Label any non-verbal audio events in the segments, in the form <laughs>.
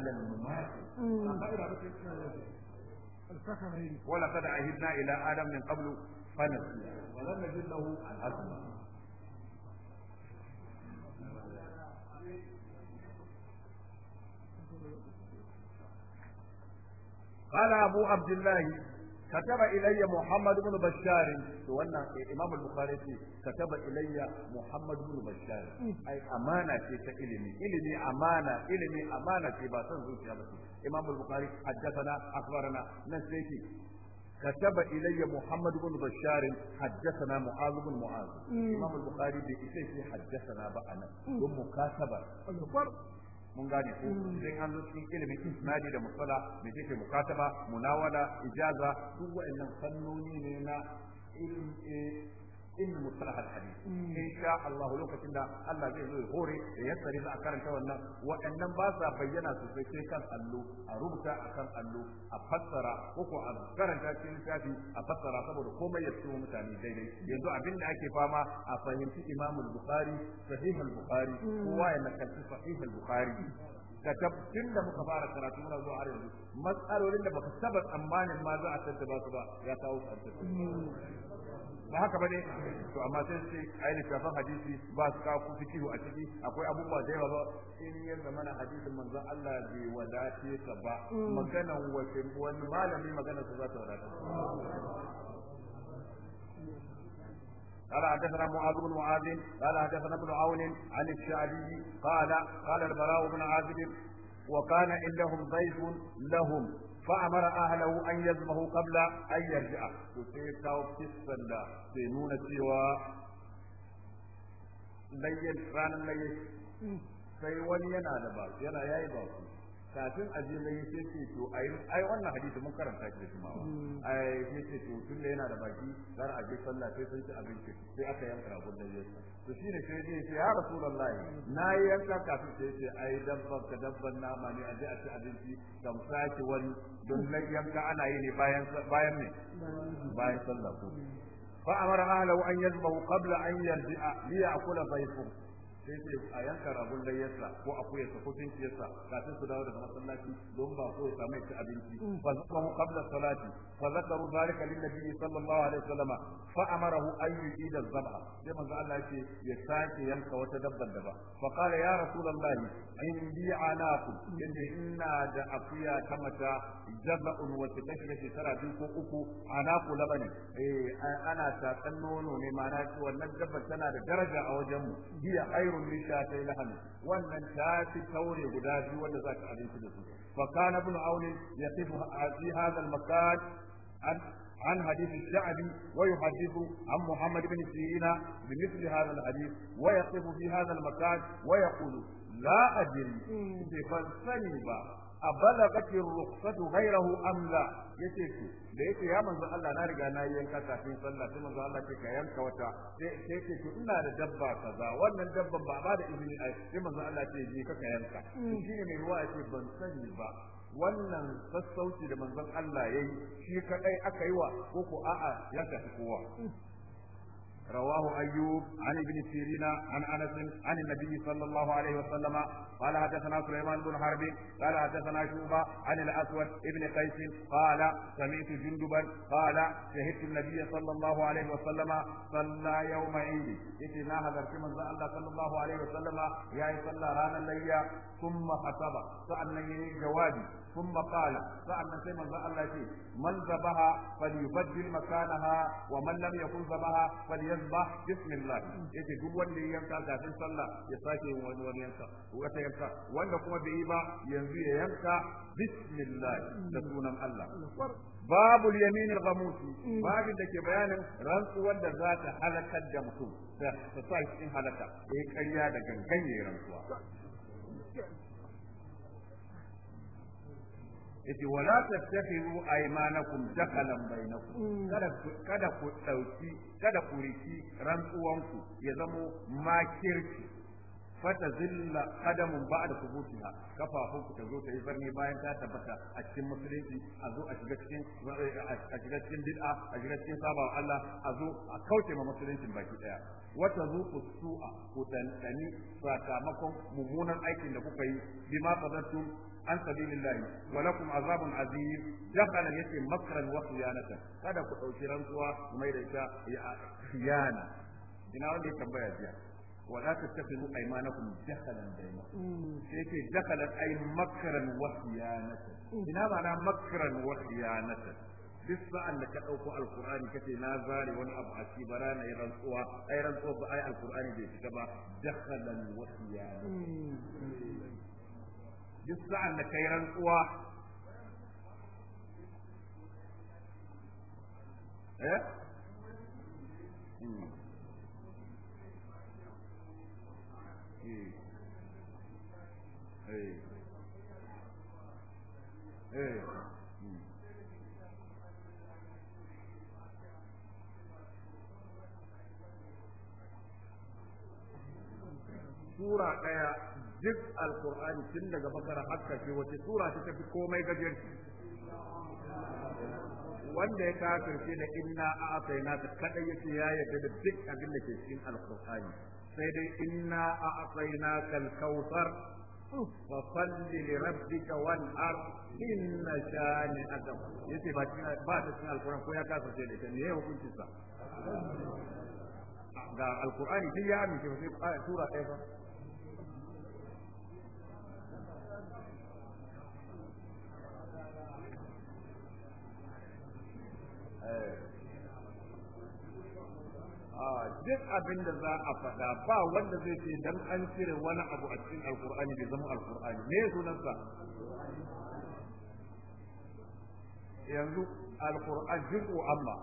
على المماثل ولقد عهدنا إلى آدم من قبل فنسي ولم نجد له عزما قال أبو عبد الله كتب إلي محمد بن بشار وانا إمام البخاري كتب إلي محمد بن بشار أي أمانة إلمي إلمي أمانة إلمي أمانة باسن زوجي إمام البخاري حدثنا أخبرنا نسيتي كتب إلي محمد بن بشار حدثنا معاذ بن معاذ إمام البخاري بإسيه حدثنا بأنا ومكاتبة mun gane ko sai mm. an zo cikin ilimin isnadi da musala mai take mukataba munawala ijaza duk wa'annan fannoni ne na ilmi eh, in mustalahal hadith sha Allah lokacin da Allah zai zo ya hore da yassari za a karanta wannan waɗannan ba sa bayyana su sai kan allo a rubuta a kan allo a fassara ko a karanta cikin shafi a fassara saboda komai ya tsoro mutane daidai yanzu abin da ake fama a fahimci Imam Bukhari Sahih al Bukhari kowa ya nakalci Sahih al Bukhari da tabbacin da muka fara karatu muna zuwa har yanzu matsalolin da baka saba tsammanin ma za a tattaba su ba ya kawo su ba haka bane to amma sai sai ai littafin hadisi ba su kawo ku fikihu a ciki akwai abubuwa da yawa ba in ya zama na hadisin manzon Allah bai wadace ka ba maganan wace wani malami maganar su za ta wadace قال حدثنا معاذ بن معاذ قال حدثنا ابن عون عن الشعبي قال قال البراء بن عازب وكان عندهم ضيف لهم fa amara ahlahu an yazbahu qabla an yarji'a to sosai ya kawo kissan da sai nuna cewa layyan ranar layyan sai wani yana da ba yana yayi ba kafin a je mai sai ce to ai ai wannan hadisi mun karanta shi da jimawa hmm. ai sai ce to tunda yana da baki zan a je sallah sai sun ci abinci sai aka yanka ragon da yasa to shine sai ya ce ya rasulullahi na yanka kafin sai ce ai dabban ka dabban nama ne a je a ci abinci kan saki wani don lai yanka ana yi ne bayan bayan ne bayan sallah ko fa amara ahlahu an yadbahu qabla an yarji'a li ya'kula fayfur sai sai a yanka ragon layyarsa ko a akuyarsa ko tinkiyarsa kafin su dawo daga masallaci don ba ko ya mai ci abinci mm. fa zakaru qabla salati fa zakaru zalika lin nabi sallallahu alaihi wasallam fa amarahu an yu'id az-zabha sai manzo Allah yake ya sake yanka wata dabbar da ba fa qala ya rasulullahi indi anaqu yadda inna da akuya ta mata jaba'un wa tashra shekara biyu ko uku anaqu labani eh ana ta nono ne ma na wannan dabban tana da daraja a wajen mu hiya khairun min shatay lahmi wannan ta fi taure guda biyu wanda za ka abinci da su fa kana ibn aun yaqifu fi hadha al-makan عن حديث الشعبي ويحدث عن محمد بن سيرين بمثل هذا الحديث ويقف في هذا المكان ويقول لا أدري بفلسني با أبلغت الرخصة غيره أم لا yace ku da yace ya manzo Allah na riga na yi yanka kafin sallah sai manzo Allah ke ka yanka wata sai yace ku ina da dabba kaza wannan dabban ba ba da izini ai sai manzo Allah ce je ka yanka mm. shine mai ruwa ce ban sani ba wannan sassauci da manzon Allah yayi shi kadai aka yi wa ko ko a'a ya tafi kowa mm. رواه أيوب عن ابن سيرين عن أنس عن النبي صلى الله عليه وسلم قال حدثنا سليمان بن حرب قال حدثنا شوبة عن الأسود ابن قيس قال سمعت جندبا قال شهدت النبي صلى الله عليه وسلم صلى يوم عيد إتنا هذا من الله صلى الله عليه وسلم يا صلى رانا ليا ثم خطب فأنا جوادي ثم قال فأما سيما الله شيء من ذبها فليبدل مكانها ومن لم يكن ذبها فليذبح بسم الله يجي duk wanda ya yanka kafin sallah ya sake wani wani yanka wanda kuma bai yi ba yanzu ya yanka bismillah da sunan Allah babu yamin al-ghamusi babin da ke bayanin rantsuwar da za ta halakar da mutum da sa cikin halaka eh ƙarya da gangan rantsuwa yace wala tattakhiru aymanakum dakalan bainakum kada mm. kada ku dauki kada ku riki rantsuwanku ya zama makirci fata zilla qadamun ba'da Kafa kafafun ku tazo ta yi zarni bayan ta tabbata a cikin musulunci a zo a shiga cikin a shiga cikin bid'a a shiga cikin saba wa Allah a zo a kauce ma musuluncin baki daya wata ku su'a ku tantani sakamakon mummunan aikin da kuka yi bima fadattum an sabilillahi wa lakum azabun azim dakhala yace makran wa khiyanatan kada ku dauki rantsuwa mai da ita khiyana ina wanda ya tambaya jiya ولا تتخذوا ايمانكم دخلا بينكم سيتي دخلا اي مكرا وخيانه هنا معنى مكرا وخيانه duk sa'an da ka ɗauko alkur'ani ka ce na zare wani abu a ci bara na yi rantsuwa ai rantsuwa ba ai alkur'ani bai shiga ba dakhalan wasiyana duk sa'an da kai rantsuwa eh? Hmm. Eh. Eh. Hmm. sura ɗaya duk alkur'ani tun daga bakara hakka ce wace sura ta tafi komai gajerci wanda ya kafirce da inna a'tayna ta kadai yace ya yarda da duk abin da ke cikin alkur'ani sai dai inna a'tayna kal kautsar fa salli li rabbika wanhar inna shani'aka yace ba ba ta cikin alkur'ani ko ya kafirce da ita ne ya hukuncinsa ga alkur'ani duk ya amince ba sai sura ɗaya ba duk abin da za a faɗa ba wanda zai ce dan an cire wani abu a cikin alkur'ani bai zama alkur'ani me sunansa yanzu alkur'ani juzu amma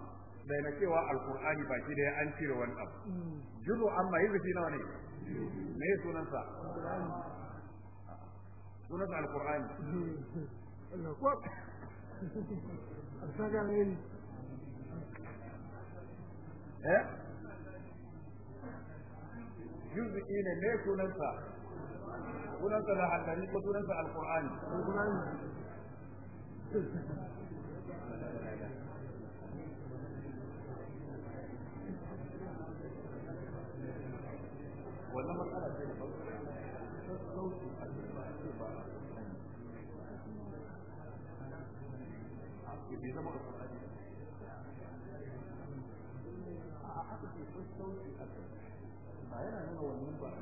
bai na cewa alkur'ani ba shi da an cire wani abu juzu amma yi zafi nawa ne me sunansa sunansa alkur'ani <laughs> <laughs> eh juz'i ne me sunansa sunansa da hadari ko sunansa alqur'ani wannan matsala ce da ba sauki yana nuna wannan ba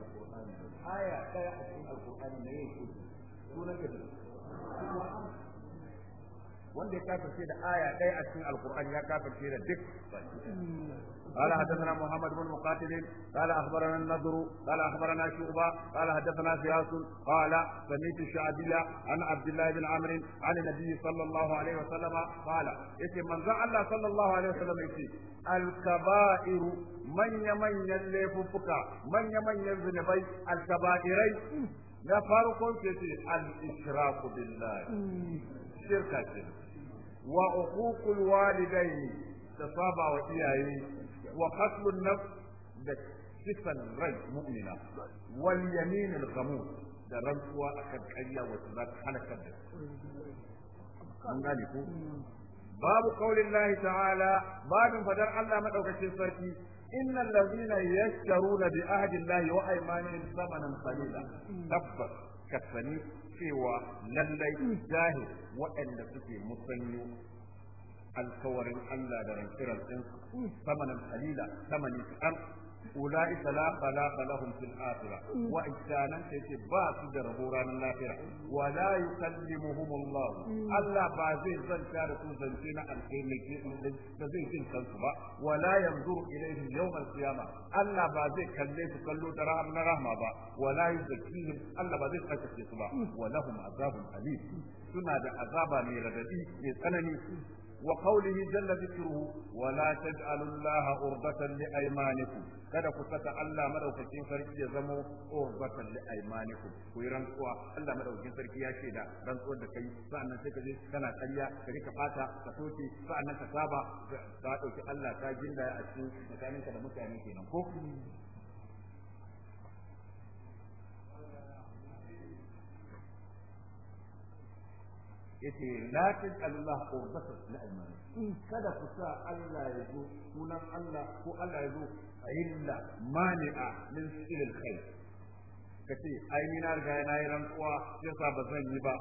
aya a cikin ne yake sunan ka kuma wanda ya kafirce da aya ɗaya a cikin alkur'ani ya kafirce da duk قال حدثنا محمد بن مقاتل قال اخبرنا النضر قال اخبرنا شعبه قال حدثنا فراس قال سمعت الشعبي عن عبد الله بن عمرو عن النبي صلى الله عليه وسلم قال يتي من الله صلى الله عليه وسلم يتي الكبائر من يمن يلففك من يمن يذنبي الكبائر na farkon ce al-ishraku billahi shirka ce wa uququl walidayn da saba wa iyaye wa qatlun nafs da kisan rai mu'mina wal yaminul ghamus da rantsuwa akan ƙarya wacce za ta halakar da an gane ko babu qaulin lahi ta'ala babin fadar Allah madaukakin sarki innal ladhina yashtaruna bi ahdi Allah wa aymanihim thamanan qalila kasani cewa lallai jahil waɗanda suke musanyo alkawarin Allah da rantsirar ɗinsu samanin kalila samanin kaɗan أولئك لا خلاق لهم في الآخرة وإنسانا تيتي باس دربوران الآخرة ولا يكلمهم الله ألا بازين زنشار زنشين الكيميكي كن كنسبة ولا ينظر إليهم يوم القيامة ألا بازين كليت كلو تراهم نرحمة با ولا يزكيهم ألا بازين كتكتبا ولهم عذاب أليم سنة عذاب من رددي من وقوله جل ذكره ولا تجعلوا الله أربة لأيمانكم kada ku saka Allah madaukakin sarki ya zama urbatan li aymanikum ku yi rantsuwa Allah madaukakin sarki ya ce da rantsuwar da kai sa'annan sai ka je kana karya, ka rika fata ka soke sa'annan ka saba ka dauki Allah ka jinda a cikin tsakaninka da mutane kenan ko yace la ko qurbatan li aymanikum in kada ku sa Allah ya zo sunan Allah ko Allah ya zo illa mani'a min fi'l khair kace ai ni na riga na yi rantsuwa yasa bazan yi ba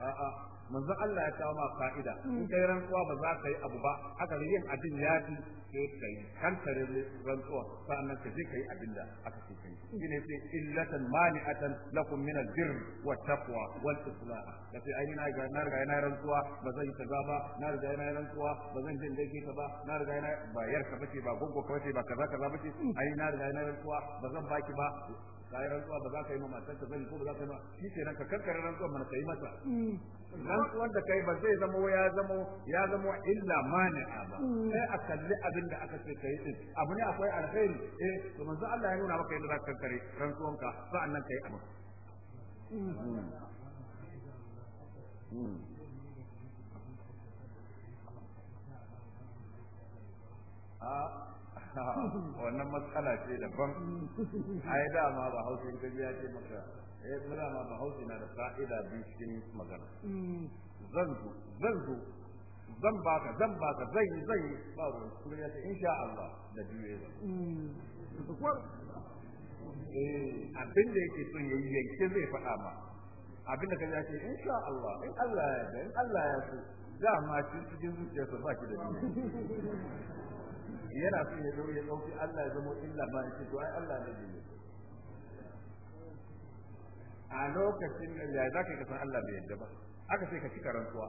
a'a manzon Allah ya kawo ma fa'ida in hmm. kai rantsuwa ba za ka yi abu ba ne yin abin ya fi ke kai kankare rantsuwa sa'annan ka je kai abin da aka ce kai shine sai illatan mani'atan lakum min al-birr wa taqwa wal islah da sai ai na ga na riga na rantsuwa ba zan kaza ba na riga na rantsuwa ba zan jin dai ka ba na riga yana ba yarka bace ba goggo ka bace ba kaza kaza bace hmm. ai na riga na rantsuwa ba zan baki ba ka yi rantsuwa ba za ka yi ma matarka zani ko ba za ka yi ma shi nan ka kankare rantsuwa mana ka yi mata mm. rantsuwar da kai ba zai zama ya zama ya zama illa mani'a ba mm. sai a kalli abin da aka ce ka yi din abu ne akwai alkhairi eh to manzo Allah ya nuna maka yadda za ka kankare rantsuwanka sa'annan kai abu mm. a ah. <laughs> wannan matsala ce daban ai dama ba hausin gaji ya ce maka eh muna ma ba hausin na da fa'ida biyu cikin magana zan zo zan zo zan baka zan baka zai zai ba ruwan kuma ya ce insha Allah da biyu ba eh abin da yake son yayi yanke zai faɗa ma abin da ka ya ce insha Allah in Allah ya da in Allah ya so dama cikin zuciyarsa ba ki da juye yana so ya zo ya dauki Allah ya zama illa ba ce to ai Allah ne ne a lokacin da ya zaka ka kasan Allah bai yadda ba aka sai ka ci karantuwa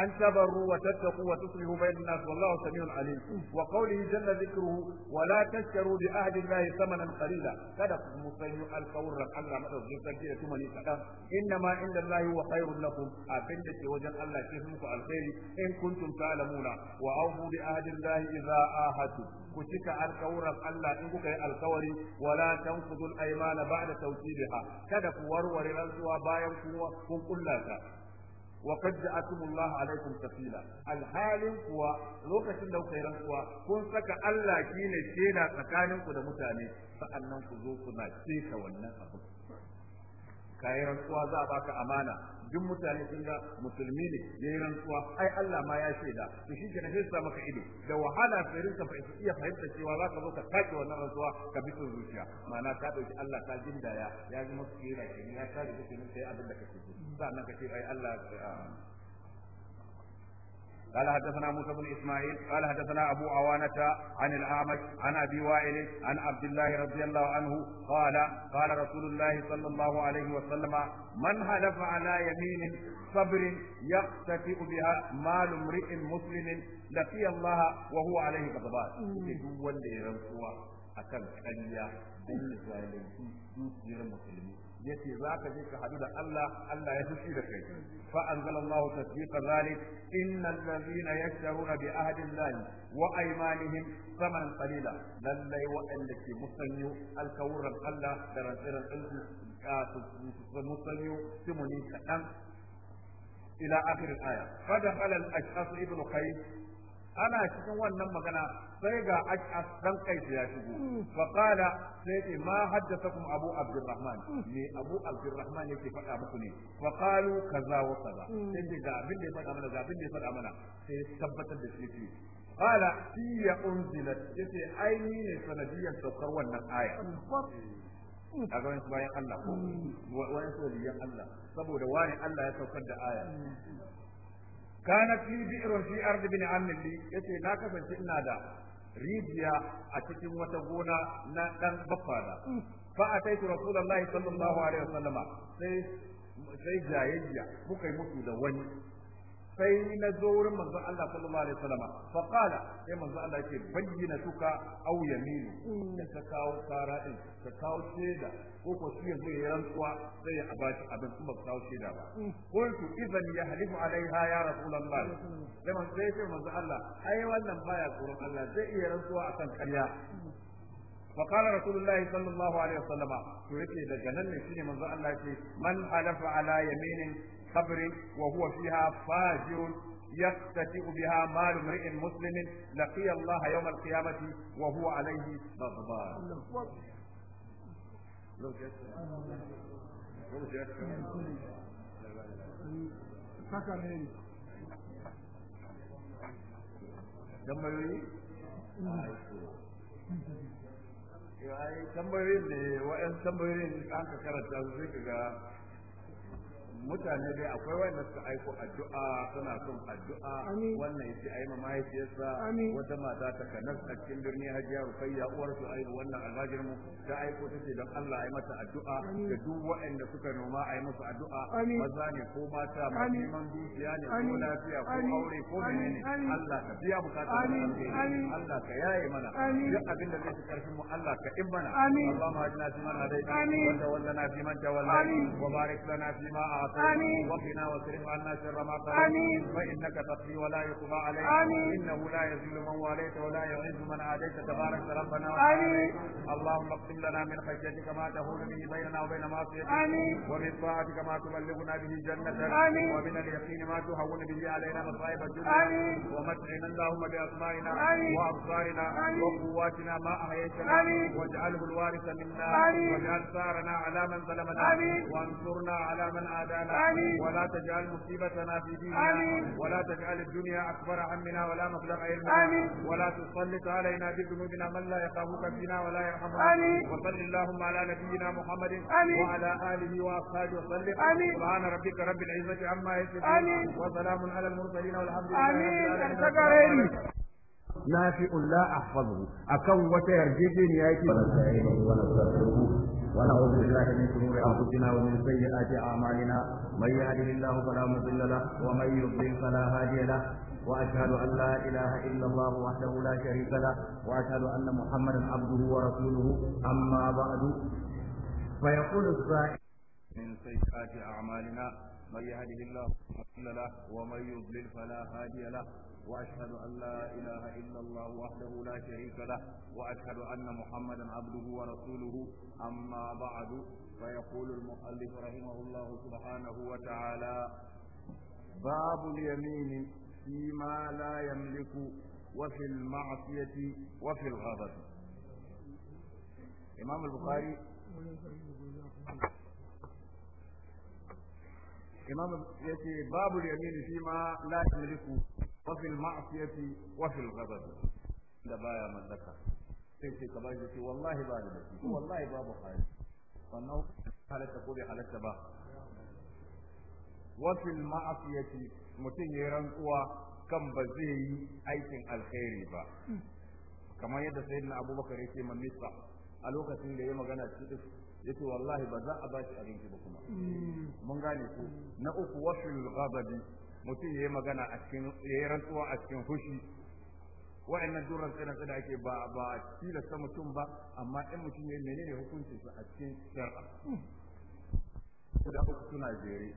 أن تبروا وتتقوا وتصلحوا بين الناس والله سميع عليم وقوله جل ذكره ولا تشتروا بعهد الله ثمنا قليلا kada ku musanyu alkawurran Allah madaukakin sarki da tumani kaɗan innama inda Allah huwa khairun lakum abin da ke wajen Allah ke muku alkhairi in kuntum ta'lamuna wa awfu bi ahdi Allah idza ahadu ku cika alkawurran Allah in kuka yi alkawari wala tanqudul da ba'da tawkidiha kada ku warware rantsuwa bayan kun kullata wa qad ja'akumullahu alaikum Tafila, alhalin kuwa lokacin da kuka ran kuwa kun saka Allah shine shaida tsakanin ku da mutane sa'annan ku zo kuna keta wannan abu kayi rantsuwa za a baka amana duk mutane sun ga musulmi ne yi rantsuwa ai Allah ma ya shaida to shi kenan sai maka ido da wahala sai rinka fa iya fahimta cewa za ka zo ka wa wannan rantsuwa ka bi sun zuciya ma'ana ka dauki Allah ka jindaya ya ji maka kira ya ka da kake sai abin da kake so sannan ka ce ai Allah um, قال حدثنا موسى بن اسماعيل قال حدثنا ابو عوانة عن الاعمش عن ابي وائل عن عبد الله رضي الله عنه قال قال رسول الله صلى الله عليه وسلم من حلف على يمين صبر يقتفئ بها مال امرئ مسلم لقي الله وهو عليه غضبان duk wanda ya rantsuwa akan ƙarya dan zalunci dukiyar musulmi yace za ka je ka hadu da Allah Allah ya fushi da kai fa anzalallahu tasdiqa zalik innal ladhina yashtaruna bi ahdi Allah wa aymanihim saman qalila lallai wa'anda ke musanyu alkawuran Allah da rantsiran ɗinsu su musanyu simoni kaɗan ila akhirin aya fa dakhala al-ashkhas ibn qais ana cikin wannan magana sai ga ash'as dan kais ya shigo fa qala sai ce ma haddathakum abu abdurrahman ne abu abdurrahman yake faɗa muku ne fa qalu kaza wa kaza sai ga abin da ya faɗa mana ga abin da ya faɗa mana sai tabbatar da shi qala fi ya unzilat yace ai ni ne sanadiyan saukar wannan aya a gaban bayan Allah ko wa'ansu waliyan Allah saboda wani Allah ya saukar da aya kanat li bi'run fi ardi bin ammi li yace na kasance ina da rijiya a cikin wata gona na dan da fa ataitu rasulullahi sallallahu alaihi wasallama sai sai jayayya muka yi mutu da wani sai na zo wurin manzo Allah sallallahu alaihi wasallam fa qala sai manzo Allah yake bayyana tuka aw yamin da ka kawo kara din ka kawo sheda ko ko shi zai yi rantsuwa sai ya abaci abin kuma kawo sheda ba qultu idan yahlifu alaiha ya rasulullah sai manzo sai sai manzo Allah ai wannan baya tsoron Allah zai iya rantsuwa akan ƙarya fa رسول الله sallallahu alaihi عليه to yake daga nan ne shine manzo Allah yake man halafa ala yaminin قبر وهو فيها فاجر يفتتئ بها مال امرئ مسلم لقي الله يوم القيامة وهو عليه غضبان tambayoyi? تمبرين da wa'yan tambayoyin an ka karanta mutane dai akwai wanda suka aiko addu'a suna son addu'a wannan yace ai ma mahaifiyarsa wata mata ta kanas a cikin birni Hajiya Rufayya uwar su ai wannan alhajir mu ta aiko tace dan Allah ai mata addu'a da duk waɗanda suka noma ai musu addu'a maza ne ko mata ma neman dukiya ne ko lafiya ko aure ko menene Allah ka biya bukatun mu Allah ka yaye mana duk abin da zai karfin mu Allah ka in mana Allahumma ajina fi man hadayta wa tawallana fi man tawallana wa barik lana fi ma آمين وقنا واصرف عنا شر ما قضيت آمين فإنك تقضي ولا يقضى عليك آمين إنه لا يذل من واليت ولا يعز من عاديت تبارك ربنا آمين اللهم اقسم لنا من خشيتك ما تهون به بيننا وبين معصيتك آمين ومن طاعتك ما تبلغنا به جنتك آمين ومن اليقين ما تهون به علينا مصائب الدنيا آمين ومتعنا اللهم بأسمائنا وأبصارنا وقواتنا ما أحييتنا واجعله الوارث منا واجعل ثارنا على من ظلمنا وانصرنا على من عادانا لنا ولا تجعل مصيبتنا في ديننا ولا تجعل الدنيا أكبر همنا ولا مبلغ علمنا ولا تسلط علينا بذنوبنا من لا يخافك فينا ولا يرحمنا وصل اللهم على نبينا محمد وعلى آله وأصحابه وسلم سبحان ربك رب العزة عما يصفون وسلام على المرسلين والحمد لله آمين نافع لا أحفظه أكون وتيرجيني يا ونعوذ بالله من شرور انفسنا ومن سيئات اعمالنا من يهده الله فلا مضل له ومن يضلل فلا هادي له واشهد ان لا اله الا الله وحده لا شريك له واشهد ان محمدا عبده ورسوله اما بعد فيقول السائل من سيئات اعمالنا من يهده الله فلا له ومن يضلل فلا هادي له واشهد ان لا اله الا الله وحده لا شريك له واشهد ان محمدا عبده ورسوله اما بعد فيقول المؤلف رحمه الله سبحانه وتعالى باب اليمين فيما لا يملك وفي المعصيه وفي الغضب امام البخاري imam yace babu yamin fi ma la yamliku wa fil ma'siyati wa fil ghadab da baya mallaka sai ce ka bashi ce wallahi ba da shi wallahi babu hali wannan halatta ko bai halatta ba wa fil ma'siyati mutum ya rantsuwa kan ba zai yi aikin alkhairi ba kamar yadda sayyidina abubakar yake misa a lokacin da ya magana cikin yace wallahi ba za a ba shi abinci ba kuma hmm. mun gane ku na uku wasil ghadabi mutum yayi magana a cikin yayi rantsuwa a cikin fushi wa'annan duran tsana tsana ake ba ba tilasta mutum ba amma in mutum yayi menene hukuncin sa a cikin shar'a da uku suna jere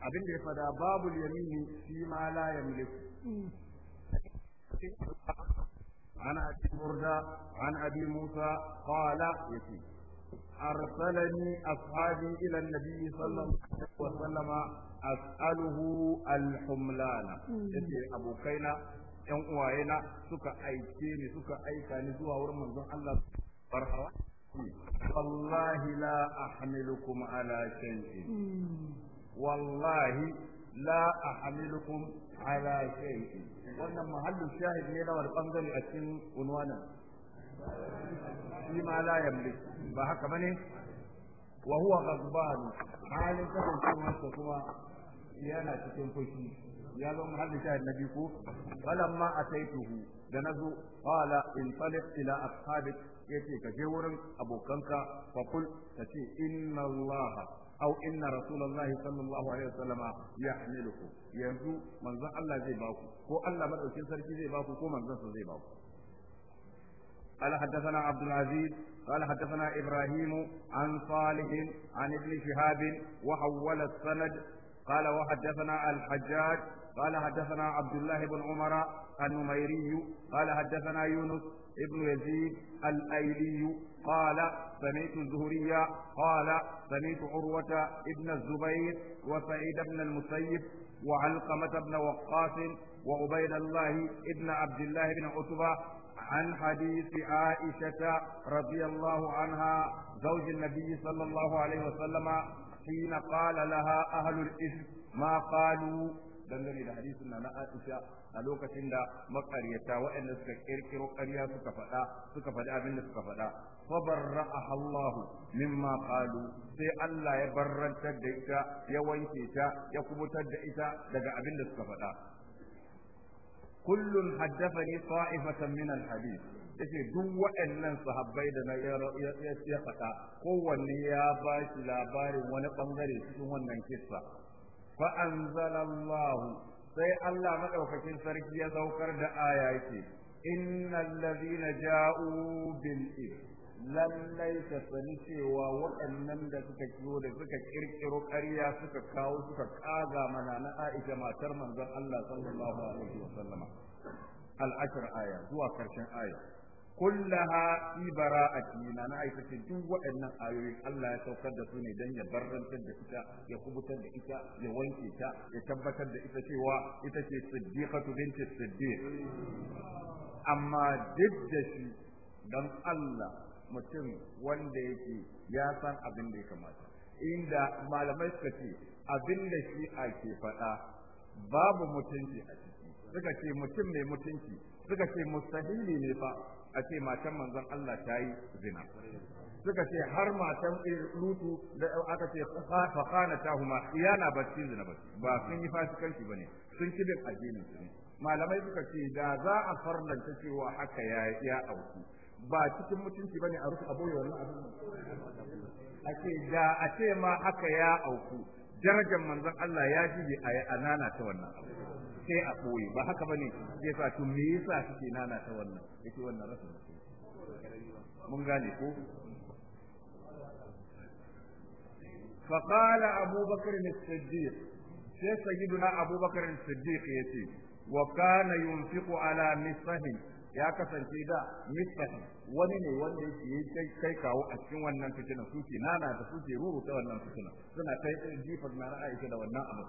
abin da ya fada babul yamini shi ma la yamliku عن أبي بردة عن أبي موسى قال يتيم أرسلني أصحابي إلى النبي صلى الله عليه وسلم أسأله الحملان يتي ‘yan uwayena suka aike ni suka aika ni zuwa wurin manzon Allah farhawa wallahi la wallahi la ahmilukum wannan muhallin shahid ne na wani bangare a cikin unwanan shi ma la yamli ba haka bane wa huwa ghadban halin ta kuma wasa kuma yana cikin fushi ya zo muhammadin shahid nabi ko falamma ataituhu da nazo qala in talif ila ashabik yace ka je wurin abokanka fa kul tace inna allah aw inna rasulullahi sallallahu alaihi wasallam yahmiluku yanzu manzon allah zai baku ko allah madaukin sarki zai baku ko manzon zai baku قال حدثنا عبد العزيز قال حدثنا إبراهيم عن صالح عن ابن شهاب وحول السند قال وحدثنا الحجاج قال حدثنا عبد الله بن عمر النميري قال حدثنا يونس ابن يزيد الأيلي قال سمعت الزهري قال سمعت عروة ابن الزبير وسعيد بن المسيب وعلقمة بن وقاص وعبيد الله ابن عبد الله بن عتبة عن حديث عائشة رضي الله عنها زوج النبي صلى الله عليه وسلم حين قال لها أهل الإثم ما قالوا dangane da hadisin na Aisha a lokacin da makaryata waɗanda suka kirkiro ƙarya suka faɗa suka faɗi abin da suka faɗa fa a Allahu mimma qalu sai Allah ya barrantar da ita ya wanke ta ya kubutar da ita daga abin da suka faɗa kullun haddathani ta'ifatan min al-hadith yace duk waɗannan sahabbai da na ya faɗa kowanne ya ba shi labarin wani ɓangare cikin wannan kissa fa anzalallahu sai Allah madaukakin sarki ya saukar da aya yake innal ladhina ja'u bil lallai ka sani cewa waɗannan da suka kiyo da suka kirkiro ƙarya suka kawo suka kaga mana na Aisha matar manzon Allah sallallahu alaihi wasallama al-ashr aya zuwa karshen aya kullaha ibara a na na Aisha ce duk waɗannan ayoyin Allah ya saukar da su ne dan ya barrantar da ita ya kubutar da ita ya wanke ta ya tabbatar da ita cewa ita ce siddiqatu binti siddiq amma duk da shi dan Allah mutum wanda yake ya san abin da ya kamata inda malamai suka ce abin da shi ke faɗa babu mutunci a ciki suka ce mutum mai mutunci suka ce mustahili ne fa a ce matan manzon Allah ta yi zina suka ce har matan eh, lutu da aka ce fa kana ta huma iyana ba ci zina ba ba sun yi fasikanci bane sun kibin addinin su ne malamai suka ce da za a farlanta cewa haka ya ya auku ba cikin mutunci bane a rufe aboye wannan abin a ce da a ce ma haka ya auku darajar manzon Allah ya ji a yi anana ta wannan abu sai a boye ba haka bane zai sa tun me yasa suke nana ta wannan yake wannan rasul mun gane ko فقال أبو بكر الصديق سيد سيدنا أبو بكر الصديق يتي وكان ينفق على مصه ya kasance da misali wani ne wanda yake kai kai kawo a cikin wannan fitina su ke nana da su ke ruru ta wannan fitina suna kai jifar na Aisha da wannan abu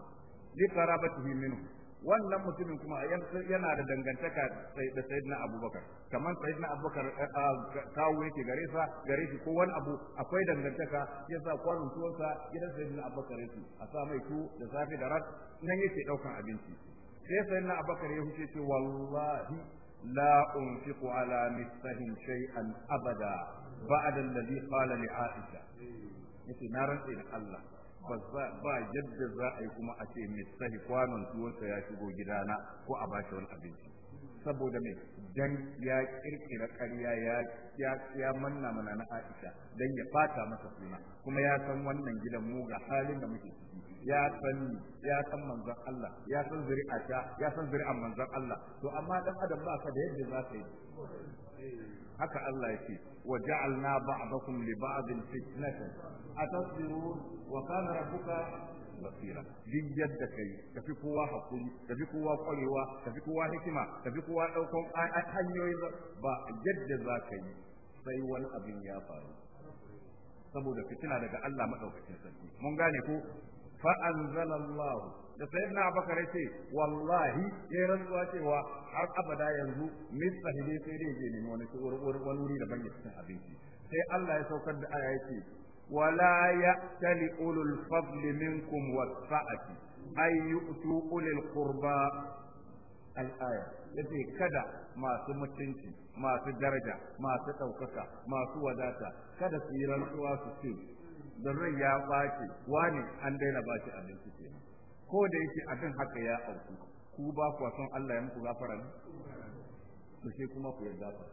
li qarabatihi minhu wannan mutumin kuma yana da dangantaka da sayyidina abubakar kamar sayyidina abubakar eh, ah, kawo yake gare sa gare shi ko wani abu akwai dangantaka ya sa kwanon tuwansa gidan sayyidina abubakar yake a sa mai tu da safe da rat nan yake daukan abinci sai sayyidina abubakar ya huce ce wallahi لا أنفق على مثلهم شيئا أبدا بعد الذي قال لعائشة يتي نارا إلى الله ba yadda za a yi kuma a ce mai sahi kwanon tuwonsa ya shigo gidana ko a bashi wani abinci saboda mai dan ya ƙirƙira ƙarya ya ya manna mana na Aisha dan ya fata masa suna kuma ya san wannan gidan mu ga halin da muke ciki ya san ya san manzon Allah ya san ta ya san zuri'an manzon Allah to amma dan adam ba ka da yadda za ka yi haka Allah yake wa ja'alna ba'dakum li ba'din fitnatan atasbirun wa kana rabbuka basira din yadda kai tafi kowa hakuri tafi kowa kwarewa tafi kowa hikima tafi kowa daukan hanyoyi ba yadda za ka yi sai wani abin ya faru saboda fitina daga Allah madaukakin sarki mun gane ko fa anzalallahu da sayyidina abakar ce, wallahi yayi rantsuwa cewa har abada yanzu min ne sai dai je ne wani wani wuri daban ya cikin abinci sai Allah ya saukar da aya yake wala ya'tali ulul fadli minkum was ay yu'tu ulil qurba al-aya yace kada masu mutunci masu daraja masu ɗaukaka masu wadata kada su yi rantsuwa su ce da ran ya ɓaci wani an daina ba shi abinci ke ko da yake abin haka ya auku ku ba ku son Allah ya muku gafara ne to sai kuma ku yarda fa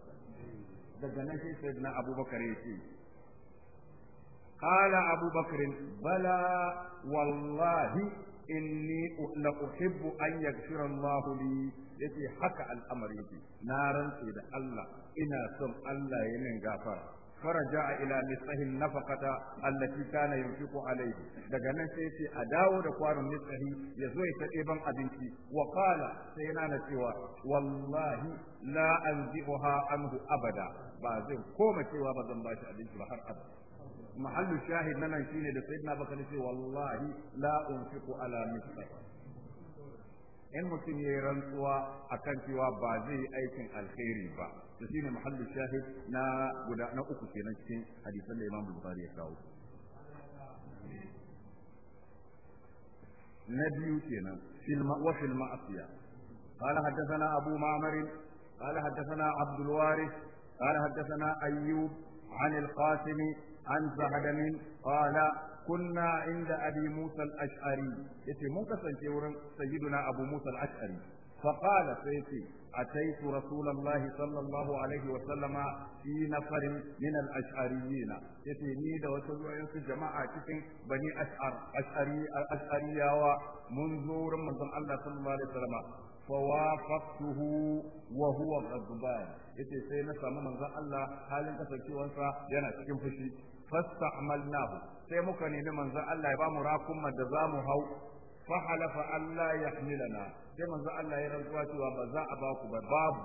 daga nan sai sayyidina Abubakar ya ce qala Abubakar bala wallahi inni la uhibbu an yaghfira Allah li yace haka al'amari yake na rantse da Allah ina son Allah ya min gafara فرجع الى نصفه النفقه التي كان ينفق عليه daga nan sai ce a dawo da kwanon nisahi ya zo ya ta ɗeban abinci wa qala sai yana na cewa wallahi la anzi'uha anhu abada ba zan koma cewa ba zan bashi abinci ba har abada mahallu shahid nan shine da sayyidina bakari ce wallahi la unfiqu ala mislihi in mutum ya yi rantsuwa a kan cewa ba zai yi aikin alheri ba shi ne muhallin shahid na guda na uku kenan cikin hadisan da imam ya kawo na biyu kenan wa fil ma'asiya قال حدثنا أبو معمر قال حدثنا عبد الوارث قال حدثنا أيوب عن القاسم عن زهدم قال kunna inda abi musa al-ash'ari yace mun kasance wurin sayyiduna abu musa al-ash'ari فقال سيتي أتيت رسول الله صلى الله عليه وسلم في نفر من الأشعريين يتي نيدا وتزوين في جماعة كتن بني أشعر أشعري أشعرية ومنظور من الله صلى الله عليه وسلم فوافقته وهو غضبان yace sai na samu manzon Allah halin kasancewarsa yana cikin fushi Fassa fasta'malnahu sai muka nemi manzon Allah ya bamu rakumar da za mu hau fa halafa Allah na sai manzon Allah ya rantsuwa cewa ba za a ba ku ba babu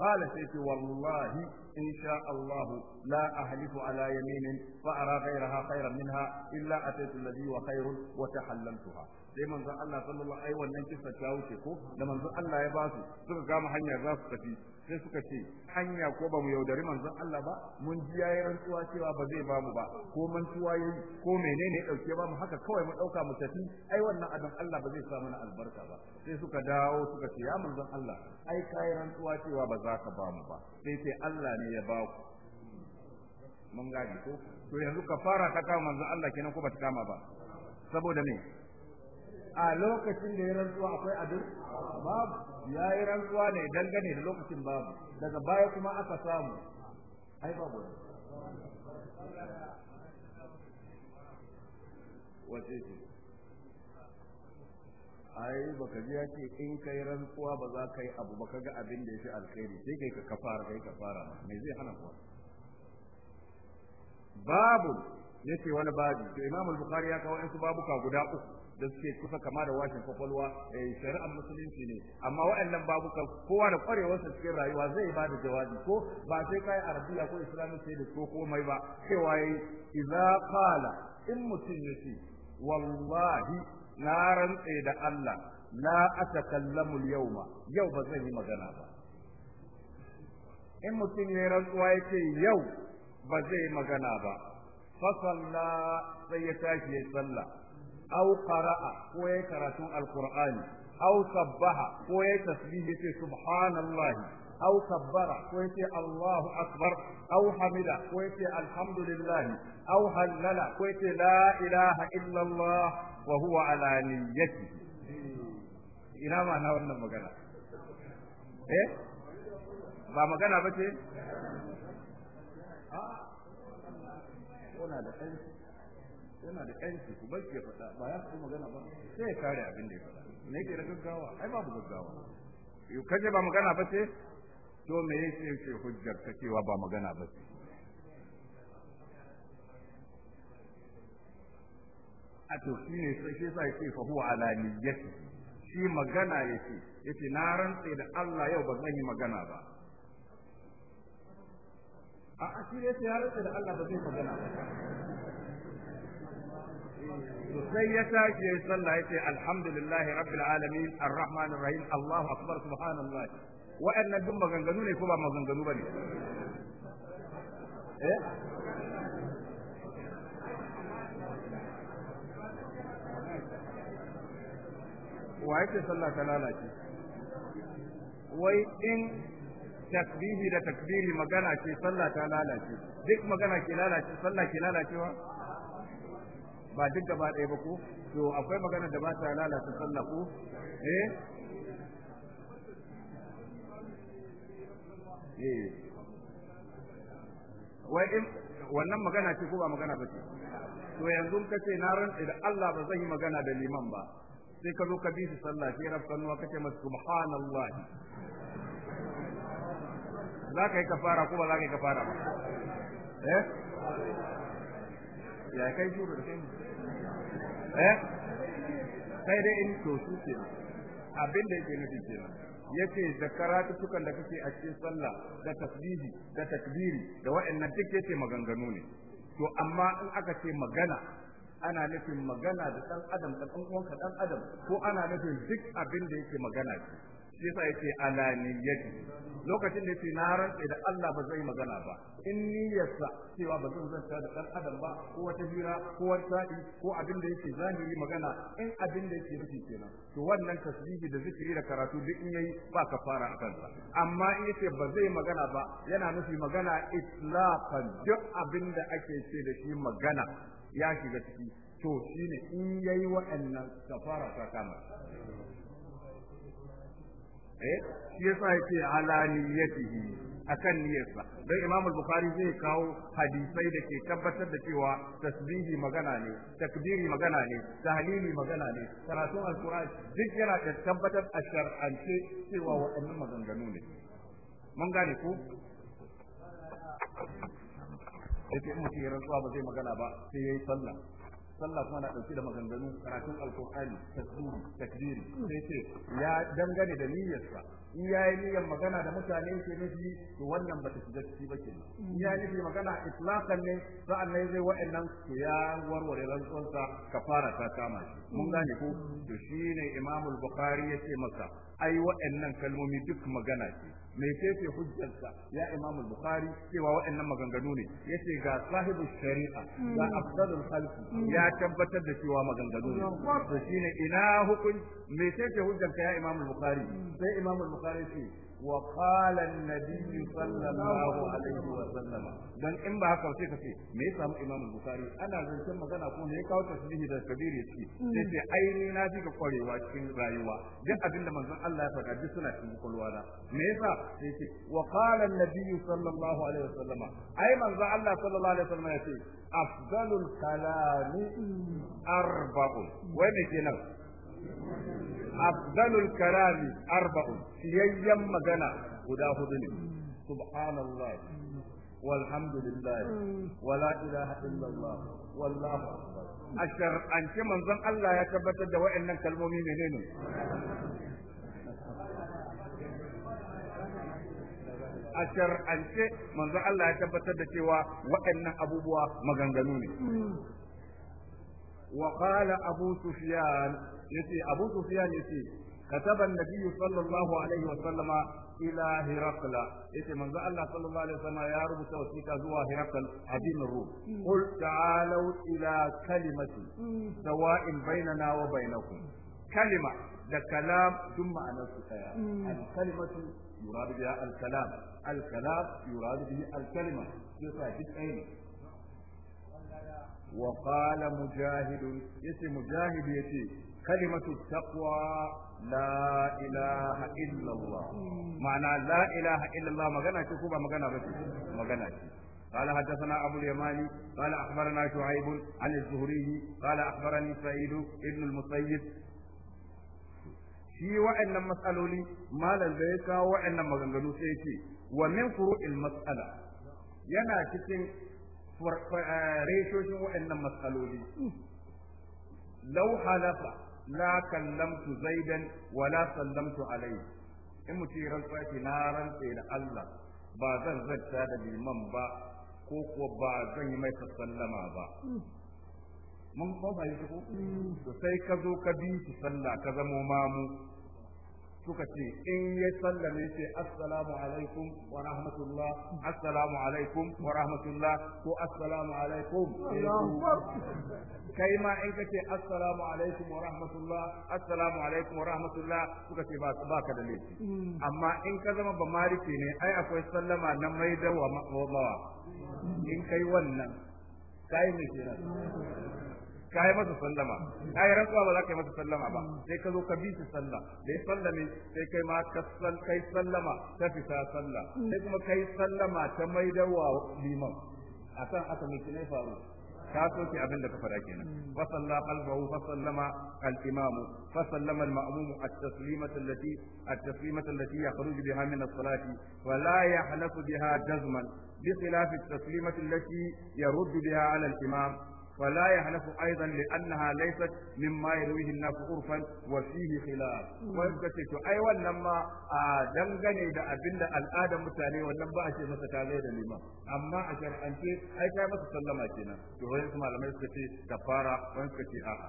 قال سيتي والله إن شاء الله لا أهلف على يمين فأرى غيرها خيرا منها إلا أتيت الذي هو خير وتحللتها sai manzon Allah sallallahu alaihi wannan kissa ta wuce ko da manzon Allah ya basu su suka kama hanyar za su tafi sai suka ce hanya ko ba mu yaudari manzon Allah ba mun ji yayi rantsuwa cewa ba zai bamu ba ko tuwa yayi ko menene ya dauke ba mu haka kawai mu dauka mu tafi ai wannan abin Allah ba zai sa mana albarka ba sai suka dawo suka ce ya manzon Allah ai kai rantsuwa cewa ba za ka bamu ba sai sai Allah ne ya baku mun gane ko to yanzu kafara ta kama manzon Allah kenan ko ba ta kama ba saboda me a lokacin da ya rantsuwa akwai abin babu ya yi rantsuwa ne dangane da lokacin babu daga baya kuma aka samu ai babu wace ce ai baka ji ya ce in ka yi rantsuwa ba za ka yi abu ba ka ga abin da ya fi alkhairi sai kai ka kafara kai fara me zai hana kuwa babu ce wani babu to imamul al-bukhari ya kawo su babuka guda uku da suke kusa kama da washin kwakwalwa eh, shari'ar musulunci ne amma waɗannan babu kan kowa da kwarewarsa cikin rayuwa zai ba da jawabi ko ba sai kai arabiya ko islamic sai da ko komai ba cewa yayi idza qala in mutum yace wallahi na rantse da Allah la atakallamu al-yawma yau ba zan yi magana ba in mutum ya rantsuwa yake yau ba zai magana ba fasalla sai ya tashi ya sallah aw qara'a ko yayi karatun alqur'ani aw sabbaha ko yayi tasbih yace subhanallahi aw kabbara ko yace Allahu akbar aw hamida ko yace alhamdulillah aw halala ko yace la ilaha illa Allah wa huwa ina ma na wannan magana ba magana yana da yanci ku ke ya faɗa ba ya faɗi magana ba sai ya kare abin da ya faɗa me yake da gaggawa ai babu gaggawa yau kaje ba magana ba ce to me yake ce hujjar ta cewa ba magana ba ce a to shi ne sai shi sa yake fa huwa ala niyyati shi magana yake yace na rantsa da Allah yau ba zan yi magana ba a a shi sai ya rantsa da Allah ba zai magana ba sai ya tashi ya sallah ya ce alhamdulillah rabbil alamin arrahman rahim allahu akbar subhanallah anna duk maganganu ne ko ba maganganu bane eh wa yake sallah ta lalace wai in takbiri da takbiri magana ce sallah ta lalace duk magana ke lalace sallah ke lalacewa ba duk gaba ɗaya ba ko to akwai magana da ba ta lalata sallah ko eh eh wai in wannan magana ce ko ba magana ba ce to yanzu ka ce na ran da Allah ba zai yi magana da liman ba sai ka zo ka bi su sallah sai rafsanuwa kace masa subhanallah za ka yi kafara ko ba za ka yi kafara ba eh ya kai da kai eh sai dai in to su ce abin da yake nufi yace da karatu tukan da kake a cikin sallah da tasbihi da takbiri da wa'annan duk yake maganganu ne to amma in aka ce magana ana nufin magana da dan adam da dan uwanka dan adam ko ana nufin duk abin da yake magana ce shi yasa yace alaniyati lokacin da yace na rantsa da Allah ba zai magana ba in niyyarsa cewa ba zan zanta da dan adam ba ko wata jira ko wata sa'i ko abin da yake zahiri magana in abin da yake nufi kenan to wannan tasbihi da zikiri da karatu duk in yayi ba kafara a kansa amma in yace ba zai magana ba yana nufi magana itlaqan duk abin da ake ce da shi magana ya shiga ciki to shine in yayi wa'annan kafara ta kama eh shi yasa yake alaniyatihi akan niyyarsa don imam bukhari zai kawo hadisai da ke tabbatar da cewa tasbihi magana ne takbiri magana ne tahlili magana ne karatun alquran duk yana da tabbatar a shar'ance cewa waɗannan maganganu ne mun gane ko yake in mutum ya rantsuwa ba zai magana ba sai yayi sallah sallah kuma na dauke da maganganu karatun alqur'ani tasbihi takbiri sai ce ya dangane da niyyarsa in yayi niyyar magana da mutane ke nufi to wannan ba ta shiga ciki ba kenan in ya nufi magana itlaqan ne sa'an zai wa'annan to ya warware rantsuwarsa kafara ta kama shi mun gane ko to shine imamul bukhari ce masa ai waɗannan kalmomi duk magana ce mai ce hujjarsa ya imam bukhari cewa waɗannan maganganu ne yace ga sahibu shari'a ga hmm. afdalul khalq hmm. ya tabbatar da cewa maganganu ne hmm. to shine ina hukun mai ce hujjarka ya imam bukhari sai imam bukhari ce وقال النبي صلى الله عليه وسلم dan in ba haka sai ka ce me ya samu Imam Bukhari ana zancen magana ko ne ya kawo tasbihi da kabiri ya ci mm. sai sai aini na fi ka kwarewa cikin rayuwa duk abin da manzon Allah ya faɗa duk suna cikin kwalwa na me yasa sai ce wa qala an-nabi sallallahu alaihi wasallam ai manzon Allah sallallahu alaihi wasallam ya ce afdalul kalami mm. arba'un wai me kenan afdalul kalami arba'un siyayyen magana guda hudu ne subhanallah walhamdulillah wala ilaha illallah wallahu akbar a shar'ance manzon Allah ya tabbatar da waɗannan kalmomi menene a shar'ance manzo Allah ya tabbatar da cewa waɗannan abubuwa maganganu ne hmm. wa qala abu sufyan yace Abu Sufyan yace كتب النبي صلى الله عليه وسلم إلى هرقل إذا من الله صلى الله عليه وسلم يا رب توسيك زوا هرقل عديم الروم قل تعالوا إلى كلمة سواء بيننا وبينكم كلمة ده كلام ثم أنا الكلمة يراد بها الكلام الكلام يراد به الكلمة يصاحب أين وقال مجاهد يسي مجاهد يتي كلمة التقوى لا إله إلا الله معنى لا إله إلا الله مغنى كوبا مغنى بكي مغنى قال حدثنا أبو اليماني قال أخبرنا شعيب عن الزهري قال أخبرني سعيد ابن المسيب shi wa'annan matsaloli malam da ya kawo wa'annan maganganu sai ce wa min furu'il mas'ala yana cikin reshoshin wa'annan matsaloli law halafa la kallamtu zaidan wa la sallamtu alayhi in mutum ya rantsa ce na rantse da Allah ba zan zanta da liman ba ko kuwa ba zan yi mai sallama ba mun ko ba yi ko sai ka zo ka bi su sallah ka zamo mamu suka ce in ya sallame ce assalamu alaikum wa rahmatullah assalamu alaikum wa rahmatullah ko assalamu alaikum kai ma in kace assalamu alaikum wa rahmatullah assalamu alaikum wa rahmatullah suka ce ba ka da laifi amma in ka zama ba marike ne ai akwai sallama na maidawa mawa in kai wannan kai ne kenan ka yi masa sallama ka yi rantsuwa ba za ka yi masa sallama ba sai ka zo ka bi shi sallah da ya sallame sai kai ma ka kai sallama ta fita sallah sai kuma kai sallama ta maidawa liman akan aka miki ne faru ka soke abin da ka fara kenan fa salla qalbahu fa sallama al imam fa sallama al ma'mum at taslimata allati at taslimata allati yakhruj biha min as salati wa la yahlafu biha jazman bi khilaf at taslimati allati yarud biha ala al imam فلا يحلف ايضا لانها ليست مما يرويه الناس عرفا وفيه خلاف ويبكي تو اي wannan ma a dangane da abinda al'adar mutane wannan ba a ce masa tare da lima amma a shar'ance ai kai masa sallama kenan to wani malamai suka ce da fara wani suka ce a. a'a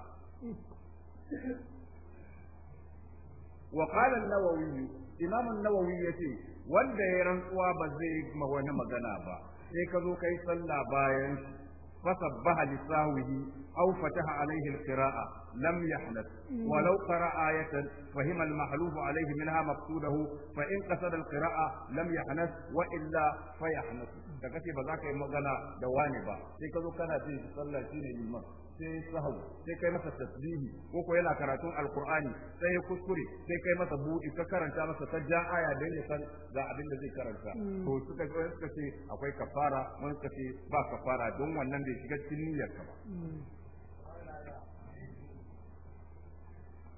وقال النووي امام النووي يتي wanda ya rantsuwa ba zai ma wani magana ba sai ka zo kai sallah bayan فصبح لساوه أو فتح عليه القراءة لم يحدث ولو قرأ آية فهم المحلوف عليه منها مقصوده فإن قصد القراءة لم يحنث وإلا فيحنث da kace ba za ka yi magana da wani ba sai ka zo kana ce sallah shine liman sai sahau sai kai masa tasbihi ko ko yana karatun alqur'ani sai ya kuskure sai kai masa buɗi ka karanta masa ta ja aya da ya san ga abin da zai karanta hmm. to suka suka ce akwai kafara mun suka ce ba kafara don wannan bai shiga cikin niyyar ka ba hmm.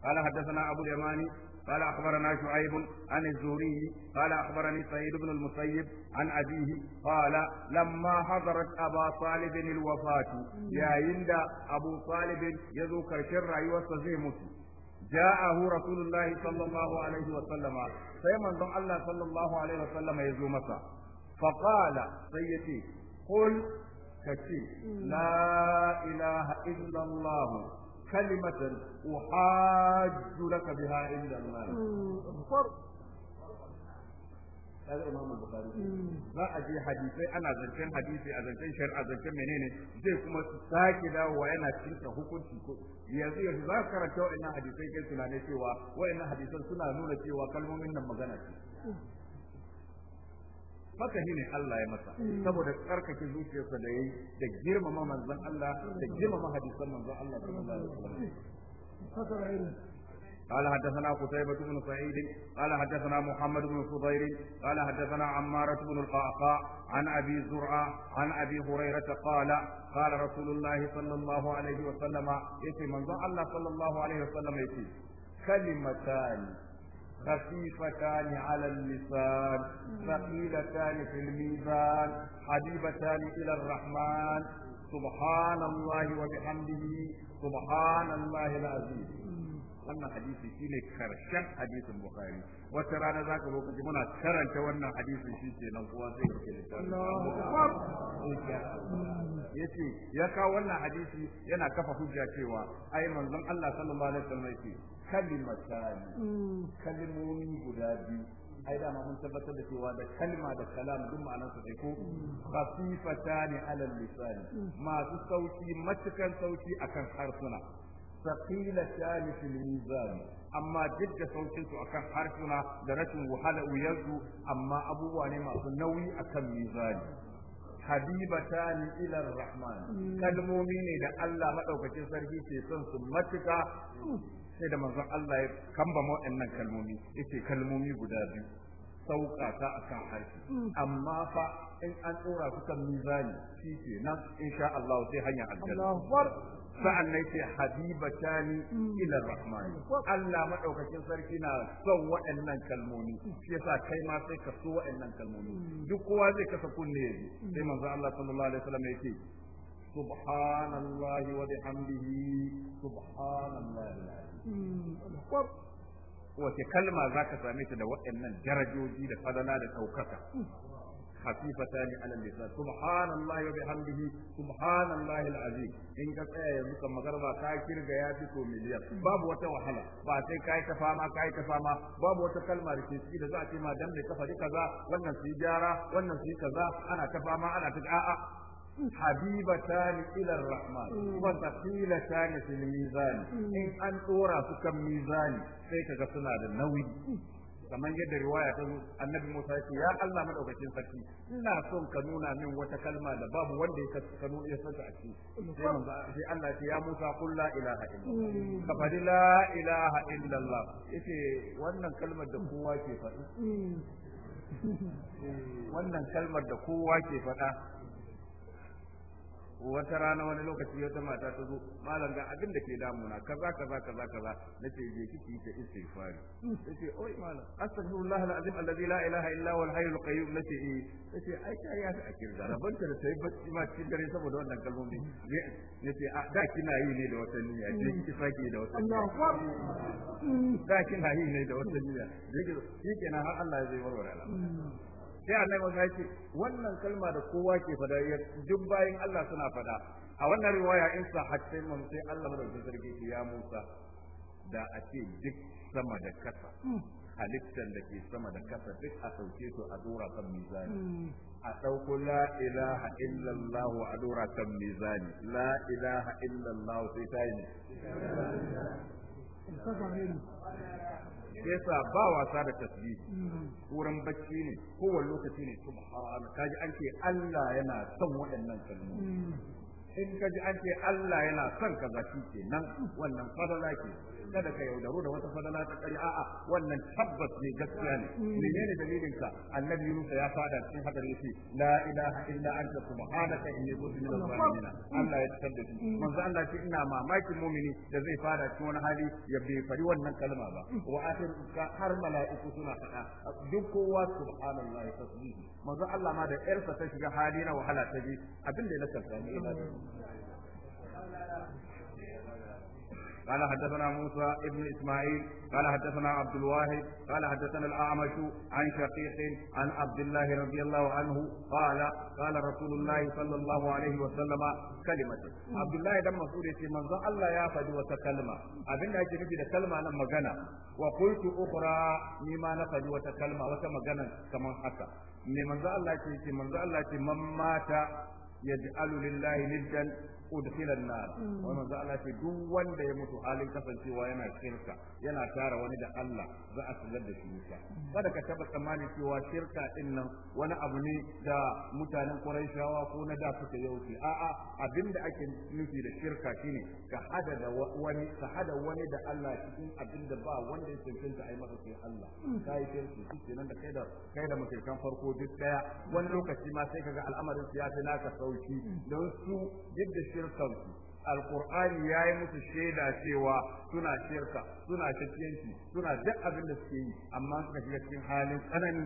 قال حدثنا أبو اليماني قال أخبرنا شعيب عن الزهري قال أخبرني سعيد بن المسيب عن أبيه قال لما حضرت أبا طالب الوفاة يا يند أبو طالب يذوك الشر أيوة جاءه رسول الله صلى الله عليه وسلم سيما الله صلى الله عليه وسلم يزومته فقال سيدي قل كثير لا إله إلا الله كلمة أحاج لك بها عند الله kaga imam bukhari za a je hadisai ana zancen hadisi a zancen shari'a zancen menene zai kuma sake dawowa yana cinta hukunci ko yanzu yanzu za ka karanta wa'annan hadisai kai tunane cewa wa'annan hadisan suna nuna cewa kalmomin nan magana ce makahi ne Allah ya masa saboda tsarkake zuciyarsa da yayi da girmama manzon Allah da girmama hadisan manzon Allah sallallahu alaihi wasallam قال حدثنا قتيبة بن سعيد قال حدثنا محمد بن صبير قال حدثنا عمارة بن القعقاع عن أبي زرعة عن أبي هريرة قال قال رسول الله صلى الله عليه وسلم يتي من الله صلى الله عليه وسلم يتي كلمتان خفيفتان على اللسان ثقيلتان في الميزان حبيبتان إلى الرحمن سبحان الله وبحمده سبحان الله العظيم wannan hadisi shine karshen hadisin bukhari wata rana zaka zo kaji muna karanta wannan hadisi shi ke nan kowa zai yi littafi yace ya kawo wannan hadisi yana kafa hujja cewa ai manzon Allah sallallahu alaihi wasallam yake kalimatan hmm. kalimomi guda biyu ai dama mun tabbatar da cewa da kalma da kalam duk ma'anar su sai ko khafifata ne alal lisan hmm. masu sauki matukan sauki akan harsuna Safila tani fil amma duk da saukin su akan harsuna da rashin wahala wuyarsu amma abubuwa ne masu nauyi akan mizani habibatani ila rahman kalmomi ne da Allah madaukakin sarki ke son su matuka sai da manzon Allah ya kamba waɗannan kalmomi yace kalmomi guda biyu sauka ta kan harshe amma fa in an tsora su kan mizani shi ke nan insha Allah sai hanya aljanna sa'an nan ce habiba ni ila rahman Allah maɗaukakin sarki na son waɗannan kalmomi shi yasa kai ma sai ka so waɗannan kalmomi duk kowa zai kasa kunne ji sai manzo Allah sallallahu alaihi wasallam yake subhanallahi wa bihamdihi subhanallahi wace kalma zaka same ta da waɗannan darajoji da fadala da ɗaukaka خفيفتان على اللسان سبحان الله وبحمده سبحان الله العظيم إن كتايا يزوك مغربا كاي كيرغا يافيكو مليار باب وتا وحلا با سي كاي تفاما كاي تفاما باب وتا كلمة ركيسي da za a ce ma dan mai kafa kaza wannan su yi gyara wannan su yi kaza ana tafama ana ta a'a حبيبتان إلى الرحمن وثقيلتان في الميزان إن أن أورا سكم ميزاني سيكا suna da nauyi. kamar yadda riwaya ta zo annabi Musa ce ya Allah madaukakin sarki ina son ka nuna min wata kalma da babu wanda ya kanu ya san ta a ciki sai manzo sai Allah ce ya Musa qul la ilaha illallah ka fadi la ilaha illallah yace wannan kalmar da kowa ke faɗi wannan kalmar da kowa ke faɗa mm. eh, wata rana wani lokaci wata mata ta zo malam ga abin da ke damuna kaza kaza kaza kaza nace je kiki ta istighfari nace oi malam astaghfirullah alazim alladhi la ilaha illa huwa alhayyul qayyum nace eh nace ai ta ya ta da rabon ta da sai bacci ma cikin dare saboda wannan kalmomi nace a ah, da kina yi ne da wata niyya je kiki sake da wata niyya da kina yi ne da wata niyya je kike har Allah zai warware al'amarin hmm. sai Allah ya ce wannan kalma da kowa ke fada duk bayan Allah suna fada a wannan riwaya in sa hatta mun sai Allah madaukakin sarki ce ya Musa da a ce duk sama da kasa halittar da ke sama da kasa duk a sauke su a dora kan mizani a ɗauko la ilaha illallah a dora kan mizani la ilaha illallah sai ta yi yasa ba wasa da tasbih wurin bacci ne kowane lokaci ne subhana kaji an ce Allah yana son waɗannan kalmomi hmm. in kaji an ce Allah yana son kaza shi kenan wannan fadala ke kada ka yaudaro da wata fadala ta a'a wannan tabbas ne gaskiya ne mm. menene dalilin ka annabi Yunus ya fada cikin hadari yace la ilaha illa anta subhanaka inni kuntu minaz zalimin mm. Allah ya tsada shi mm. manzo Allah ce ina mamakin mumini da zai fada cikin wani hali ya bai fari wannan kalma ba wa akhir har mala'iku suna faɗa duk kowa subhanallahi tasbihi manzo Allah ma da yarsa ta shiga hali na wahala ta ji abin da ya nasarta ne قال حدثنا موسى ابن اسماعيل قال حدثنا عبد الواحد قال حدثنا الاعمش عن شقيق عن عبد الله رضي الله عنه قال قال رسول الله صلى الله عليه وسلم كلمة عبد الله دم مسؤول من الله يا فدي وتكلمة abin da ake nufi da kalma nan magana wa qultu ukhra ni ma na faɗi wata kalma wata magana kamar haka me manzo Allah ce ce manzo Allah ce man mata yaj'alu lillahi niddan udkhila an-nar mm. wa duk wanda ya mutu halin kasancewa yana shirka yana tara wani da Allah za a shigar da shi wuta mm. kada ka taba tsammani cewa shirka din wani abu ne da mutanen Qurayshawa ko na da suka yauce a'a abinda ake nufi da shirka shine ka hada wani da Allah cikin abinda ba wanda ya cancanta ai masa sai Allah mm. kai shirki shi nan da kai da kai da farko duk daya wani lokaci ma sai kaga al'amarin siyasa naka sauki don su duk da shirkansu alkur'ani ya yi musu shaida cewa suna shirka suna shakiyanci suna duk abin da suke yi amma suka shiga cikin halin tsanani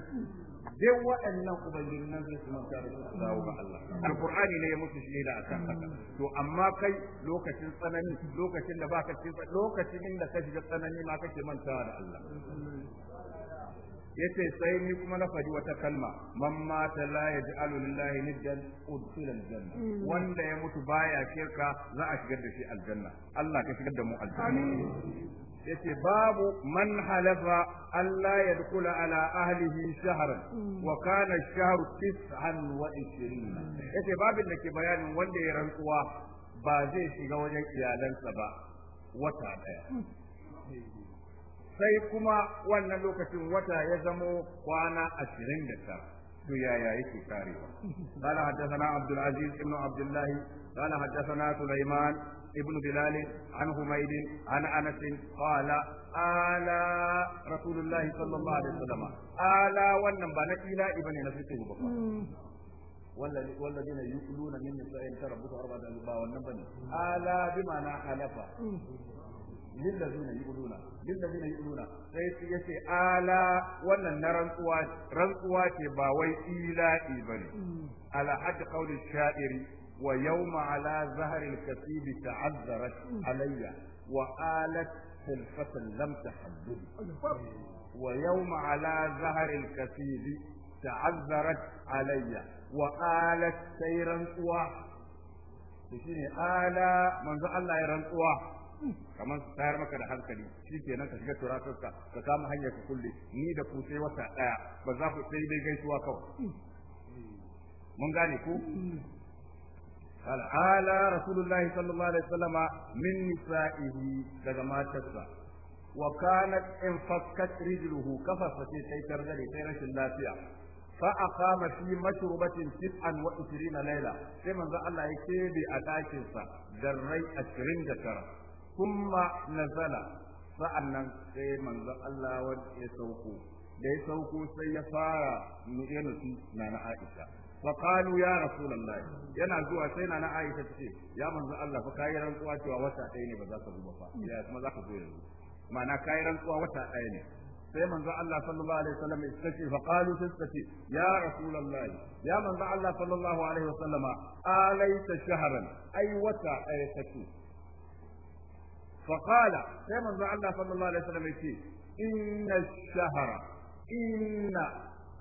dai waɗannan ubangijin nan sai su manta da su dawo ga Allah alkur'ani ne ya musu shaida kan haka to amma kai lokacin tsanani lokacin da baka cikin lokacin da ka shiga tsanani ma kake mantawa da Allah yace sai ni kuma na faɗi wata kalma man mata la yaj'alu lillahi niddan udkhila aljanna mm. wanda ya mutu baya shirka za a shigar da shi aljanna Allah ka shigar da mu aljanna yace babu man halafa alla yadkhula ala ahlihi shahran mm. wa kana ash-shahru 29 yace babu da ke bayanin wanda ya rantsuwa ba zai shiga wajen iyalansa ba wata daya mm. sai kuma wannan lokacin wata ya zamo kwana ashirin da tara to yaya yake karewa qala haddathana abdul aziz ibn abdullah qala haddathana sulaiman ibn bilal an humayd an anas qala ala rasulullah sallallahu alaihi wasallam ala wannan ba na ila ibn na fitu ba والذين يؤلون من نسائهم تربص أربعة أزواج والنبل آلا na حلفا lillazina yu'luna lillazina yu'luna sai su yace ala wannan na rantsuwa rantsuwa ce ba wai ila'i bane ala hadd qawli sha'iri wa yawma ala zahri al-kasib ta'azzarat alayya wa alat hilfatan lam tahaddud wa yawma ala zahri al-kasib ta'azzarat alayya wa alat sayran tuwa shine ala manzo Allah ya rantsuwa kamar su maka da hankali shi ke nan ka shiga turatarsa ka kama hanyar ka kulle ni da ku sai wata ɗaya ba za ku sai dai gaisuwa kawai mun gane ku al'ala rasulullah sallallahu alaihi wasallam min nisa'ihi daga matarsa wa kana in fakkat rijluhu kafafa sai sai tarzare sai rashin lafiya fa aqama fi mashrubatin tis'an wa 20 laila, sai manzo Allah ya kebe a dakin sa darrai 29 kuma nazala sa'annan sai manzon Allah wanda ya sauko da ya sauko sai ya fara nufi na na Aisha فقالوا يا رسول الله yana zuwa sai na na Aisha tace ya manzo Allah fa kai rantsuwa cewa wata ɗaya ne ba za ka zo ba fa ya kuma za ka zo yanzu ma'ana kai rantsuwa wata ɗaya ne sai manzo Allah sallallahu alaihi wasallam ya tace fa qalu tasati ya rasul ya manzo Allah sallallahu alaihi wasallama alaita shahran ai wata ɗaya take فقال كما الله صلى الله عليه وسلم يقول إن الشهر إن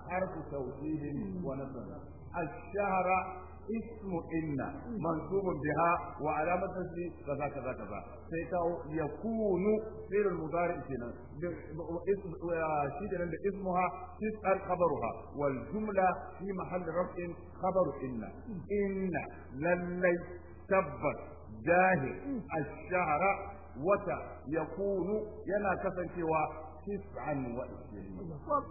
حرف توحيد ونصر الشهر اسم إن منصوب بها وعلامة نصبه كذا كذا كذا سيكاو يكون في المضارع كنا شيء اسمها تسأل خبرها والجملة في محل رفع خبر إن إن للي تبت جاهل الشهر wata ya kunu yana kasancewa 29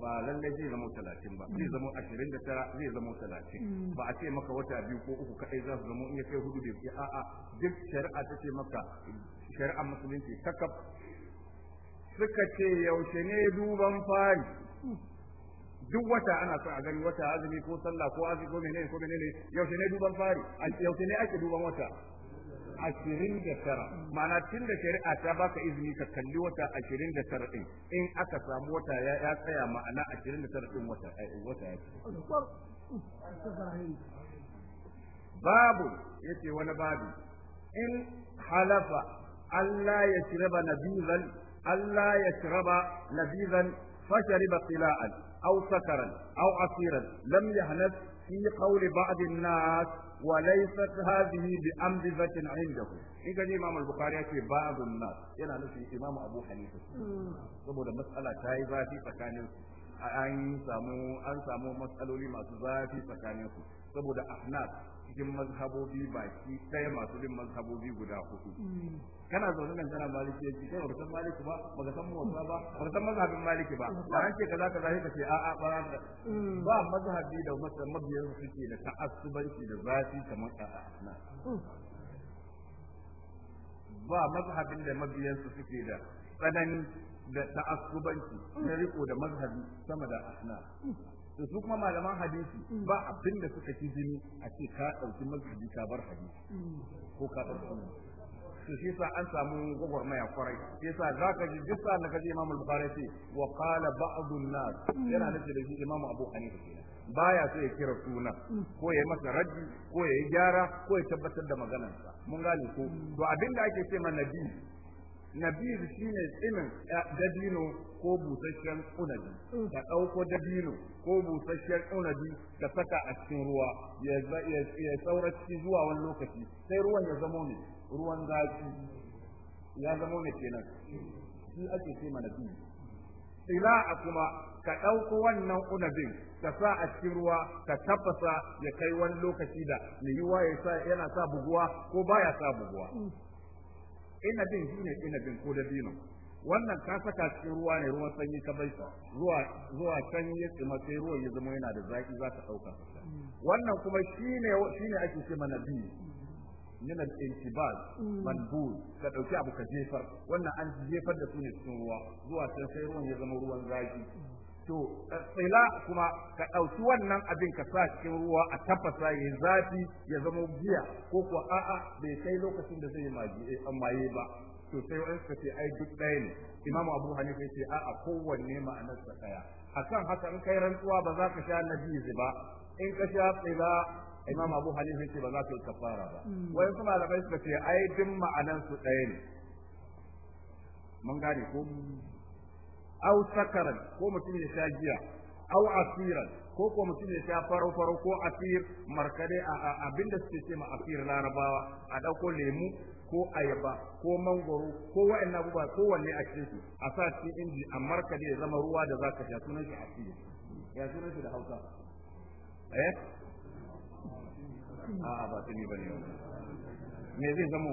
ba lallai zai zama talatin ba zai zama ashirin da tara zai zama talatin hmm. ba a ce maka wata biyu ko uku kadai za su zama in ya kai hudu da ke a'a duk shari'a ta ce maka shari'a musulunci takka. suka ce yaushe ne duban fari duk wata ana son a gani wata azumi ko sallah ko azumi ko menene ko menene yaushe ne duban fari yaushe ne ake duban wata ashirin da tara ma'ana tun da shari'a ta baka izini ka kalli wata ashirin da tara din in aka samu wata ya tsaya ma'ana ashirin da tara din wata eh, wata ya babu yace wani babu in halafa Allah ya shiraba nabizan Allah ya shiraba nabizan فشرب قلاء sakaran سكرا asiran عصيرا لم fi في قول بعض الناس وليست هذه ذات عنده إن كان إمام البخاري في بعض الناس ينا نفس إمام أبو حنيفة سبب مسألة تايبة في سكان سامو samu سامو samu matsaloli masu zafi tsakaninsu saboda ahnaf cikin mazhabobi baki ɗaya masu bin mazhabobi guda hudu hmm. kana zaune nan kana maliki yaji kai wata maliki ba ba baka san motsa ba baka san mazhabin maliki ba ba an ce kaza kaza ka ce a'a ba hmm. ba mazhabi da masa mabiyan su ke da ta'assubanci da zafi kamar a'a hmm. ba mazhabin da mabiyan su suke da tsanani da ta'assubanci na riko da mazhabi sama da asna to su kuma malaman hadisi ba abin da suka ci jini a ce ka ɗauki mazhabi ka bar hadisi ko ka ɗauki to shi sa an samu gwagwarmaya kwarai shi yasa zaka ji duk sa'an da ji Imam Bukhari ce wa qala ba'du nas yana nufi da shi Imam Abu Hanifa baya so ya kira suna ko ya masa raddi ko ya yi gyara ko ya tabbatar da maganarsa mun gane ko to abinda ake ce ma nabi shi shine tsinin eh, dabino ko busasshen unabi mm. ka ɗauko dabino ko busasshen unabi ta saka a cikin ruwa ya saura cikin zuwa wani lokaci sai ruwan ya zamo ne ruwan zafi ya zamo ne kenan shi ake ce mana Ila a kuma ka ɗauko wannan unabin ka sa a cikin ruwa ka tafasa ya kai wani lokaci da mai yiwa ya sa yana sa buguwa ko baya sa buguwa mm. inabin shine inabin ko da dinin wannan ka saka cikin ruwa ne ruwan sanyi ka bai sa zuwa zuwa can ya tsima sai ruwan ya zama yana da zaki za ka dauka mm. wannan kuma shine shine ake ce mana bi ne na intibal manbul mm. ka dauki abu ka jefar wannan an jefar da su ne cikin ruwa zuwa can sai ruwan ya zama ruwan zaki mm. to tsila kuma ka ɗauki wannan abin ka sa cikin ruwa a tafasa ya zafi ya zama giya ko kuwa a'a bai kai lokacin da zai eh, maye ba to sai wa'in suka ce ai duk ɗaya ne imamu abu hanifa ce a'a kowanne sa ɗaya akan haka in kai rantsuwa ba za ka sha nabizi ba in ka sha tsila imam abu hanifa ce ba za ka yi kafara ba hmm. wai kuma malamai suka ce ai duk ma'anar su ɗaya ne mun gane ko aw sakaran ko mutum ya sha giya aw asiran ko ko mutum ya sha faro faro ko asir markade abinda suke ce ma asir larabawa a dauko lemu ko ayaba ko mangoro ko wa'annan abubuwa ko wanne a cikin su a sa cikin inji a markade ya zama ruwa da zaka sha sunan shi asir ya sunan shi da Hausa eh a ba tuni bane me zai zama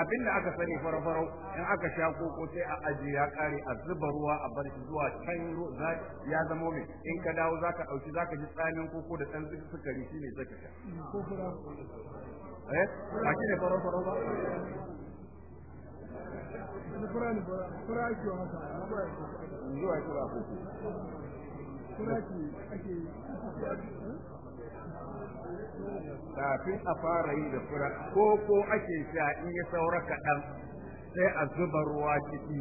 abin da aka sani farfaro in aka sha koko sai a ajiye ya kare a zuba ruwa a bar shi zuwa can ya zama mai in ka dawo zaka dauki zaka ji tsamin koko da dan sukari shine zaka sha eh ba shi ne farau farau ba zuwa kira ake kafin a fara yi da fura ko ko ake sha in ya saura kaɗan sai a zuba ruwa ciki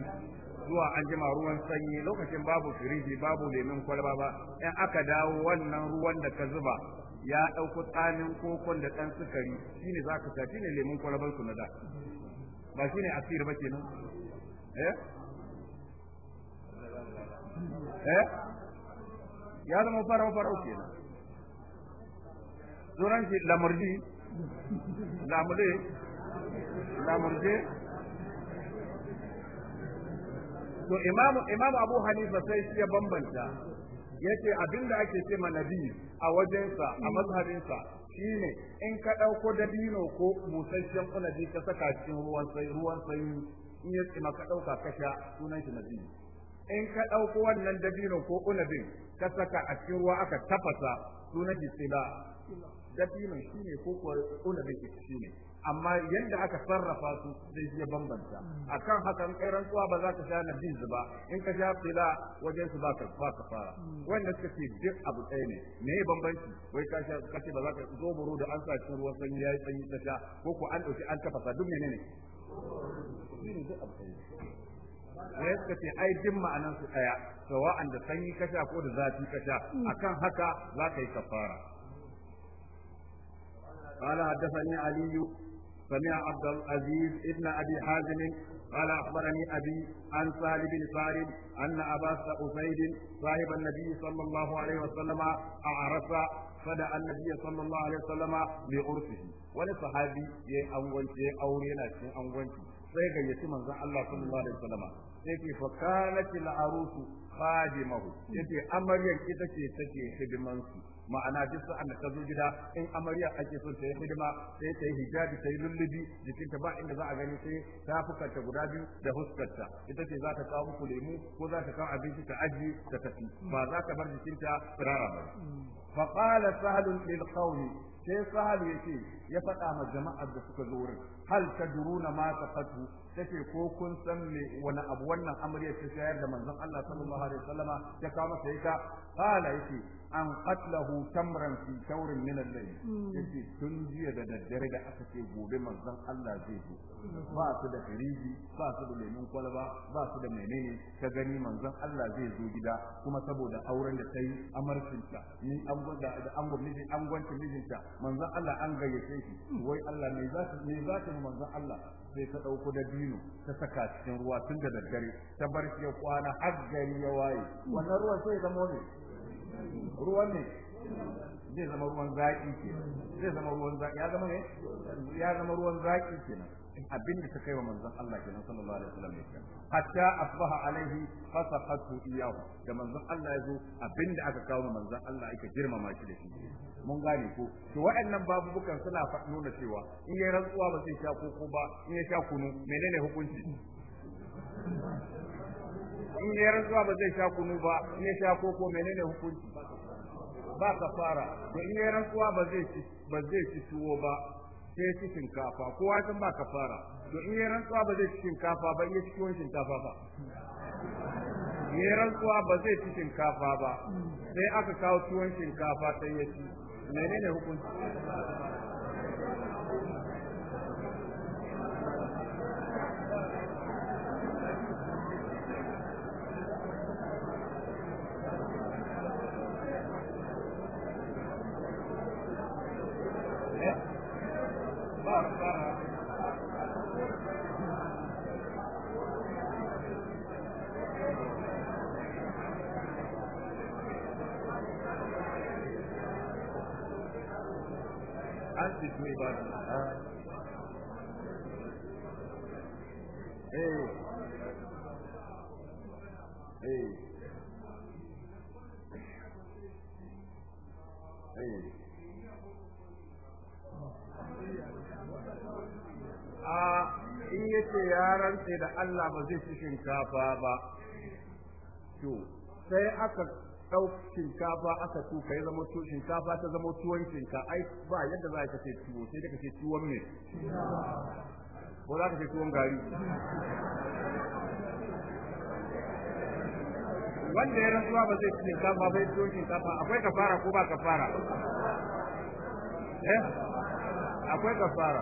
zuwa an jima ruwan sanyi lokacin babu firiji babu lemin kwalba ba in aka dawo wannan ruwan da ka zuba ya ɗauko tsanin kokon da ɗan sukari shine za ka sha shine lemin kwalbar ku na da ba shine asir ba kenan eh eh ya zama fara ke kenan sunan shi lamurdi lamurde lamurde to imamu imamu abu hanifa sai shi ya bambanta yace abinda ake ce ma nabi a wajensa a mazhabinsa shine in ka dauko dabino ko musasshen kunabi ka saka cikin ruwan sai ruwan sai in ya tsima ka dauka ka sha sunan shi nabi in ka dauko wannan dabino ko kunabin ka saka a cikin ruwa aka tafasa sunan shi sila dabinan shine ko kuwa ulabin shine amma yadda aka sarrafa su sai ya bambanta a kan hakan kai rantsuwa ba za ka sha nabiz ba in ka sha fila wajen su baka ba ka fara wanda suka ce duk abu ɗaya ne me ya bambanci wai ka sha kace ba za ka zo buru da an sa cikin ruwan sanyi ya yi sanyi ka sha ko ko an dauki an tafasa duk menene ne duk abu ɗaya ne suka ce ai din ma'anan su ɗaya sawa'an da sanyi kasha ko da zafi kasha akan haka za ka yi kafara قال حدثني علي سمع عبد العزيز ابن ابي حازم قال اخبرني ابي عن سهل بن سعد ان ابا اسيد صاحب النبي صلى الله عليه وسلم اعرف فدعا النبي صلى الله عليه وسلم بعرفه ولصحابي يا انغنتي يا اوري yana cikin angwanci sai gayyaci manzon Allah sallallahu alaihi wasallam sai ke fa kanat al arusu khadimahu yace amaryar ita ce take hidimansu ma'ana duk sa'an da ka zo gida in amarya ake son ta yi hidima sai ta yi hijabi ta yi lullubi jikinta ba inda za a gani sai ta tafukarta guda biyu da huskarta ita ce za ta kawo muku lemu ko za ta kawo abinci ta aji ta tafi ba za ta bar jikinta tsirara ba فقال lil للقوم sai sahal ya ce ya faɗa ma jama'ar da suka zo wurin hal ta duruna ma ta fatu tace ko kun san me wani abu wannan amarya ta shayar da manzon Allah sallallahu alaihi wasallama ta kawo masa ita qala yace an qatlahu tamran fi shawrin min al-layl hmm. yace tun jiya da daddare da aka ce gobe manzon Allah zai zo ba su da firiji ba su da lemon kwalba ba su da menene ka gani manzon Allah zai zo gida kuma saboda auren da kai amarcinta ni an gwada da an gwamnati an gwanta mijinta manzon Allah an gayyace shi hmm. wai Allah me za ta me za ta manzon Allah sai ta dauko da biyu dabino ta saka cikin ruwa tun da daddare ta bar shi ya kwana har gari ya waye wannan ruwan sai zama ne ruwan ne zai zama ruwan zaki ke zai zama ruwan zaki ya zama ne ya zama ruwan zaki kenan abin da ta kai wa manzon Allah kenan sallallahu alaihi wasallam ya hatta asbaha alaihi fasahatu iyahu da manzon Allah ya zo abin da aka kawo manzon Allah aka girmama shi da shi mun gane ko to waɗannan babubukan suna nuna cewa in ya rantsuwa ba zai sha koko ba in ya sha kunu menene hukunci in ya rantsuwa ba zai sha kunu ba in ya sha koko menene hukunci ba kafara to in ya rantsuwa ba zai ba zai ci tuwo ba sai ci shinkafa kowa san ba kafara to in ya rantsuwa ba zai ci shinkafa ba in ya ci tuwon shinkafa ba ya rantsuwa ba zai ci shinkafa ba sai aka kawo tuwon shinkafa sai ya ci menene hukunci Eh. Eh. Eh. in yace ya rantse da Allah ba zai ci shinkafa ba to sai aka ɗau shinkafa aka tuka ya zama tuwo shinkafa ta zama tuwon shinkafa ai ba yadda za ka ce tuwo sai da ka ce tuwon me ko za ka ce tuwon gari wanda ya rantsuwa ba zai ci ba bai tuwon shinkafa akwai kafara ko ba kafara eh akwai kafara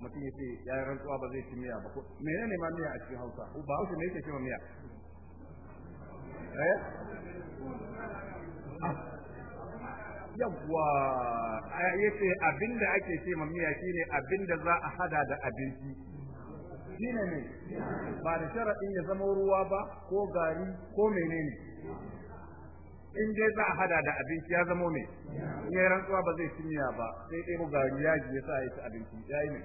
mutum ya ce ya yi rantsuwa ba zai ci miya ba ko menene ma miya a cikin hausa ba hausa ne yake cewa miya eh? yawwa ya ce abinda ake ce ma miya shine abinda za a hada da abinci shine ne ba da sharaɗin ya zama ruwa ba ko gari ko menene in dai za a hada da abinci ya zama ne in ya rantsuwa ba zai miya ba sai ɗaya gari ya ji ya sa ya ci abinci ya yi ne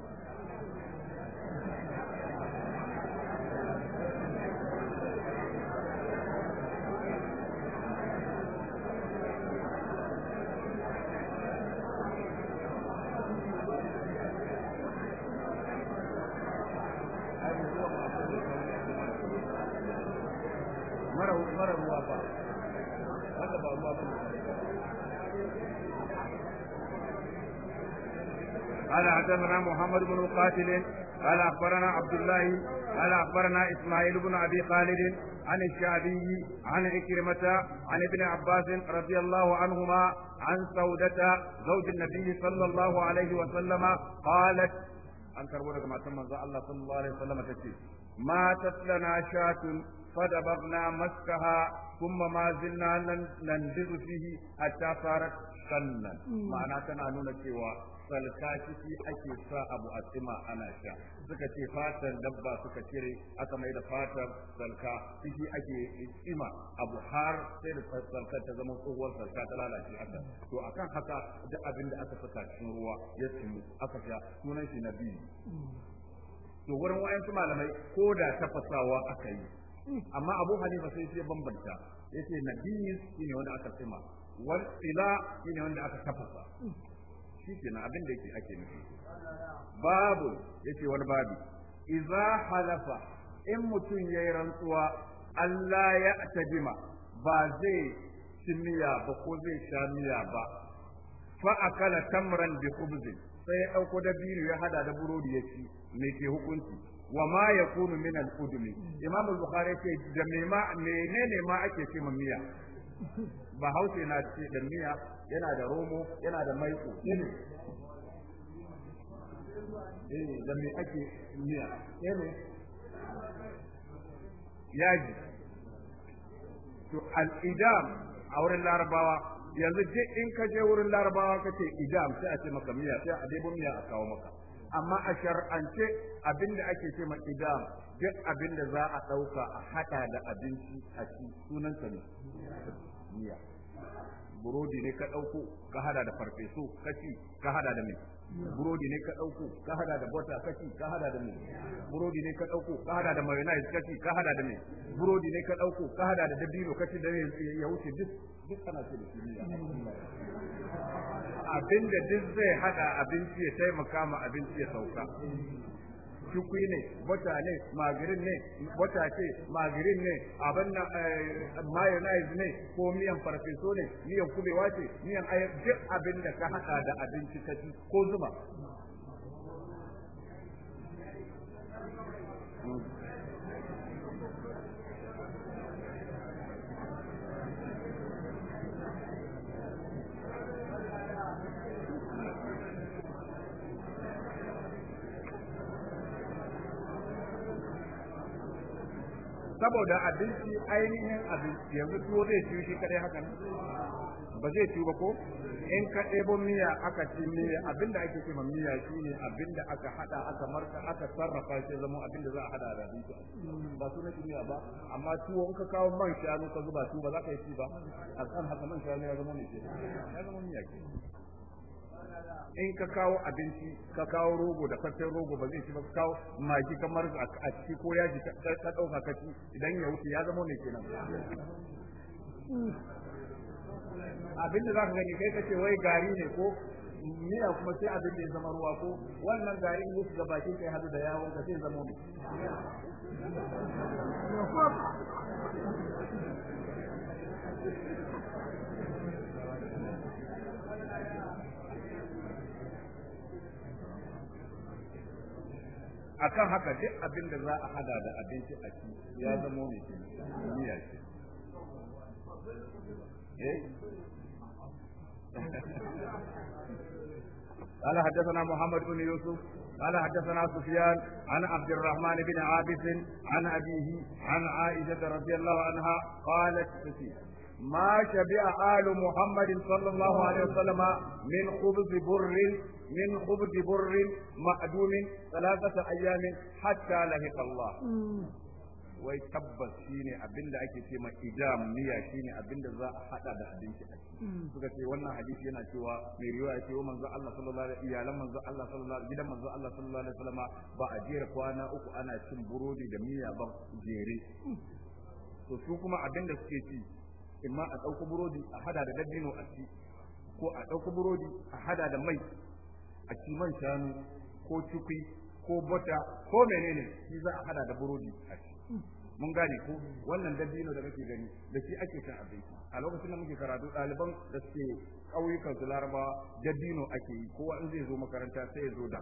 مقاتل قال أخبرنا عبد الله قال أخبرنا إسماعيل بن أبي خالد عن الشعبي عن عكرمة عن ابن عباس رضي الله عنهما عن سودة زوج النبي صلى الله عليه وسلم قالت an karbo daga matan manzo Allah sallallahu alaihi wasallam tace ma tatlana shatun fadabarna maskaha kuma ma zilna nan nan fihi hatta sarat sannan ma'ana tana nuna cewa salka ciki ake sa abu a tsima ana sha suka ce fatar dabba suka cire aka mai da fatar salka ciki ake tsima abu har sai da salka ta zama tsohuwar salka ta lalace haka to akan haka da abin da aka saka cikin ruwa ya tsimu aka sha sunan shi na biyu. to wurin wayansu malamai ko da tafasawa aka yi amma abu hanifa sai sai bambanta yace nabi shine wanda aka tsima wal ila shine wanda aka tafasa shi kenan abin da yake ake nufi babu yake wani babu Iza halafa in mutum yayi rantsuwa Allah ya tabima ba zai ci miya ba ko zai sha miya ba fa akala tamran bi khubzin sai ya dauko dabiru ya hada da burodi ya ci me ke hukunci wa ma yakunu min al-udmi imam al-bukhari ce da me ma menene ma ake ce miya ba hausa na ce da miya yana da romo yana da maiko iri eh da me ake miya Ya yaji to al-idam a wurin larabawa yanzu je in ka je wurin larabawa ka ce idam sai a ce maka miya sai a debo miya a kawo maka amma a shar'ance abinda ake ce ma idam duk abinda za a ɗauka a haɗa da abinci a ci sunan ne miya burodi ne ka ɗauko ka hada da farfeso kaci ka hada da mai burodi ne ka ɗauko ka hada da bota kaci ka hada da mai burodi ne ka ɗauko ka hada da mayonnaise kaci ka hada da mai burodi ne ka ɗauko ka hada da dabino kaci da ya wuce duk duk ana ce da kimiyya abinda duk zai hada abinci ya taimaka ma abinci ya sauka shukwi ne mutane ne magirin ne bota ce magirin ne abin na eh, mayonnaise ne ko miyan farfeso ne miyan kubewa ce miyan ayar duk abin da ka haɗa da abinci ka ci ko zuma saboda abinci ainihin abinci yanzu tuwo zai ciwo shi kadai haka ba zai ciwo ba ko in ka ɗebo miya aka ci miya abinda ake ce ma miya ne abinda aka hada aka marka aka sarrafa shi zama abinda za a hada da abinci ba su na miya ba amma tuwo in ka kawo man shanu ka zuba tuwo ba za ka yi ci ba a kan haka man shanu ya zama ne ya zama miya ke in ka kawo abinci ka kawo rogo da fasin rogo ba zai ci ba kawo magi kamar a ciki ko yaji ka ɗauka ka idan ya wuce ya zama ne kenan abin da za ka gani kai ka ce wai gari ne ko miya kuma sai abin da ya zama ruwa ko wannan gari ne su gabakin kai hadu da yawon ka sai zama ne akan haka duk abin da za a hada da abinci a ci ya zama mai ke miya ce قال حدثنا محمد بن يوسف قال حدثنا سفيان عن عبد الرحمن بن عابس عن أبيه عن عائشة رضي الله عنها قالت ما شبع آل محمد صلى الله عليه وسلم من خبز بر من خبز بر معدوم ثلاثة أيام حتى لهق الله wai tabbas shine abinda ake ce ma idam niyya shine abinda za a hada da abinci a suka ce wannan hadisi yana cewa mai riwaya ce wa manzo Allah sallallahu alaihi iyalan manzo Allah sallallahu alaihi gidan manzo Allah sallallahu alaihi wasallam ba a jera kwana uku ana cin burodi da miya ba jere to su kuma abinda suke ci imma a dauko burodi a hada da dabino a ci ko a dauko burodi a hada da mai a kiman shanu ko cukwi ko bota ko menene shi za a hada da burodi a ci mun gane ko wannan dabino da kake gani da shi ake cin abinci a lokacin da muke karatu ɗaliban da suke ƙauyukan su larabawa dabino ake yi kowa in zai zo makaranta sai ya zo da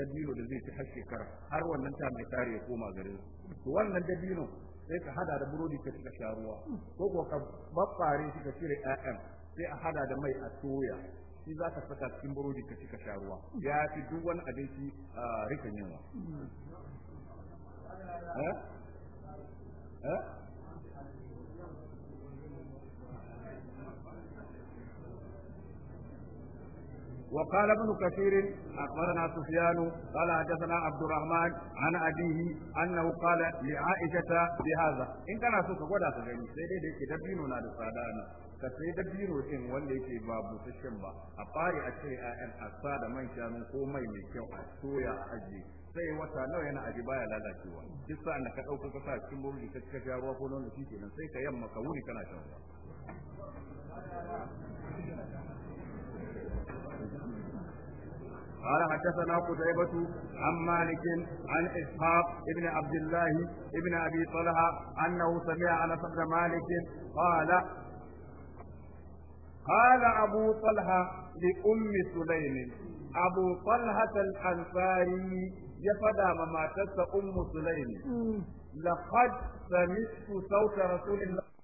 dabino da zai ci har shekara har wannan ta mai tare ya koma garin to wannan dabino sai ka hada da burodi ka cika sharuwa ko ko ka babbare shi ka cire 'ya'yan sai a hada da mai a soya shi za ka saka cikin burodi ka ci ka sha ruwa ya fi duk wani abinci a rikan yawa وقال ابن كثير اخبرنا سفيان قال حدثنا عبد الرحمن عن ابيه انه قال لعائشه بهذا ان كان سوق غدا سجني سيدي دي كدبينو نا ka sai da biro din wanda yake ba busasshen ba a fari a ce ayan a sa da man shanu ko mai mai kyau a soya a aje sai wata nawa yana aje baya lalacewa duk sa'an da ka dauko ka sa cikin burji ka cika ruwa ko nono shi kenan sai ka yamma ka wuri kana shan ruwa قال حدثنا قتيبة عن مالك عن إسحاق ابن عبد الله ابن أبي طلحة أنه سمع أنس بن مالك قال قال أبو طلحة لأم سليم أبو طلحة الأنصاري يفدى مما أم سليم لقد سمعت صوت رسول الله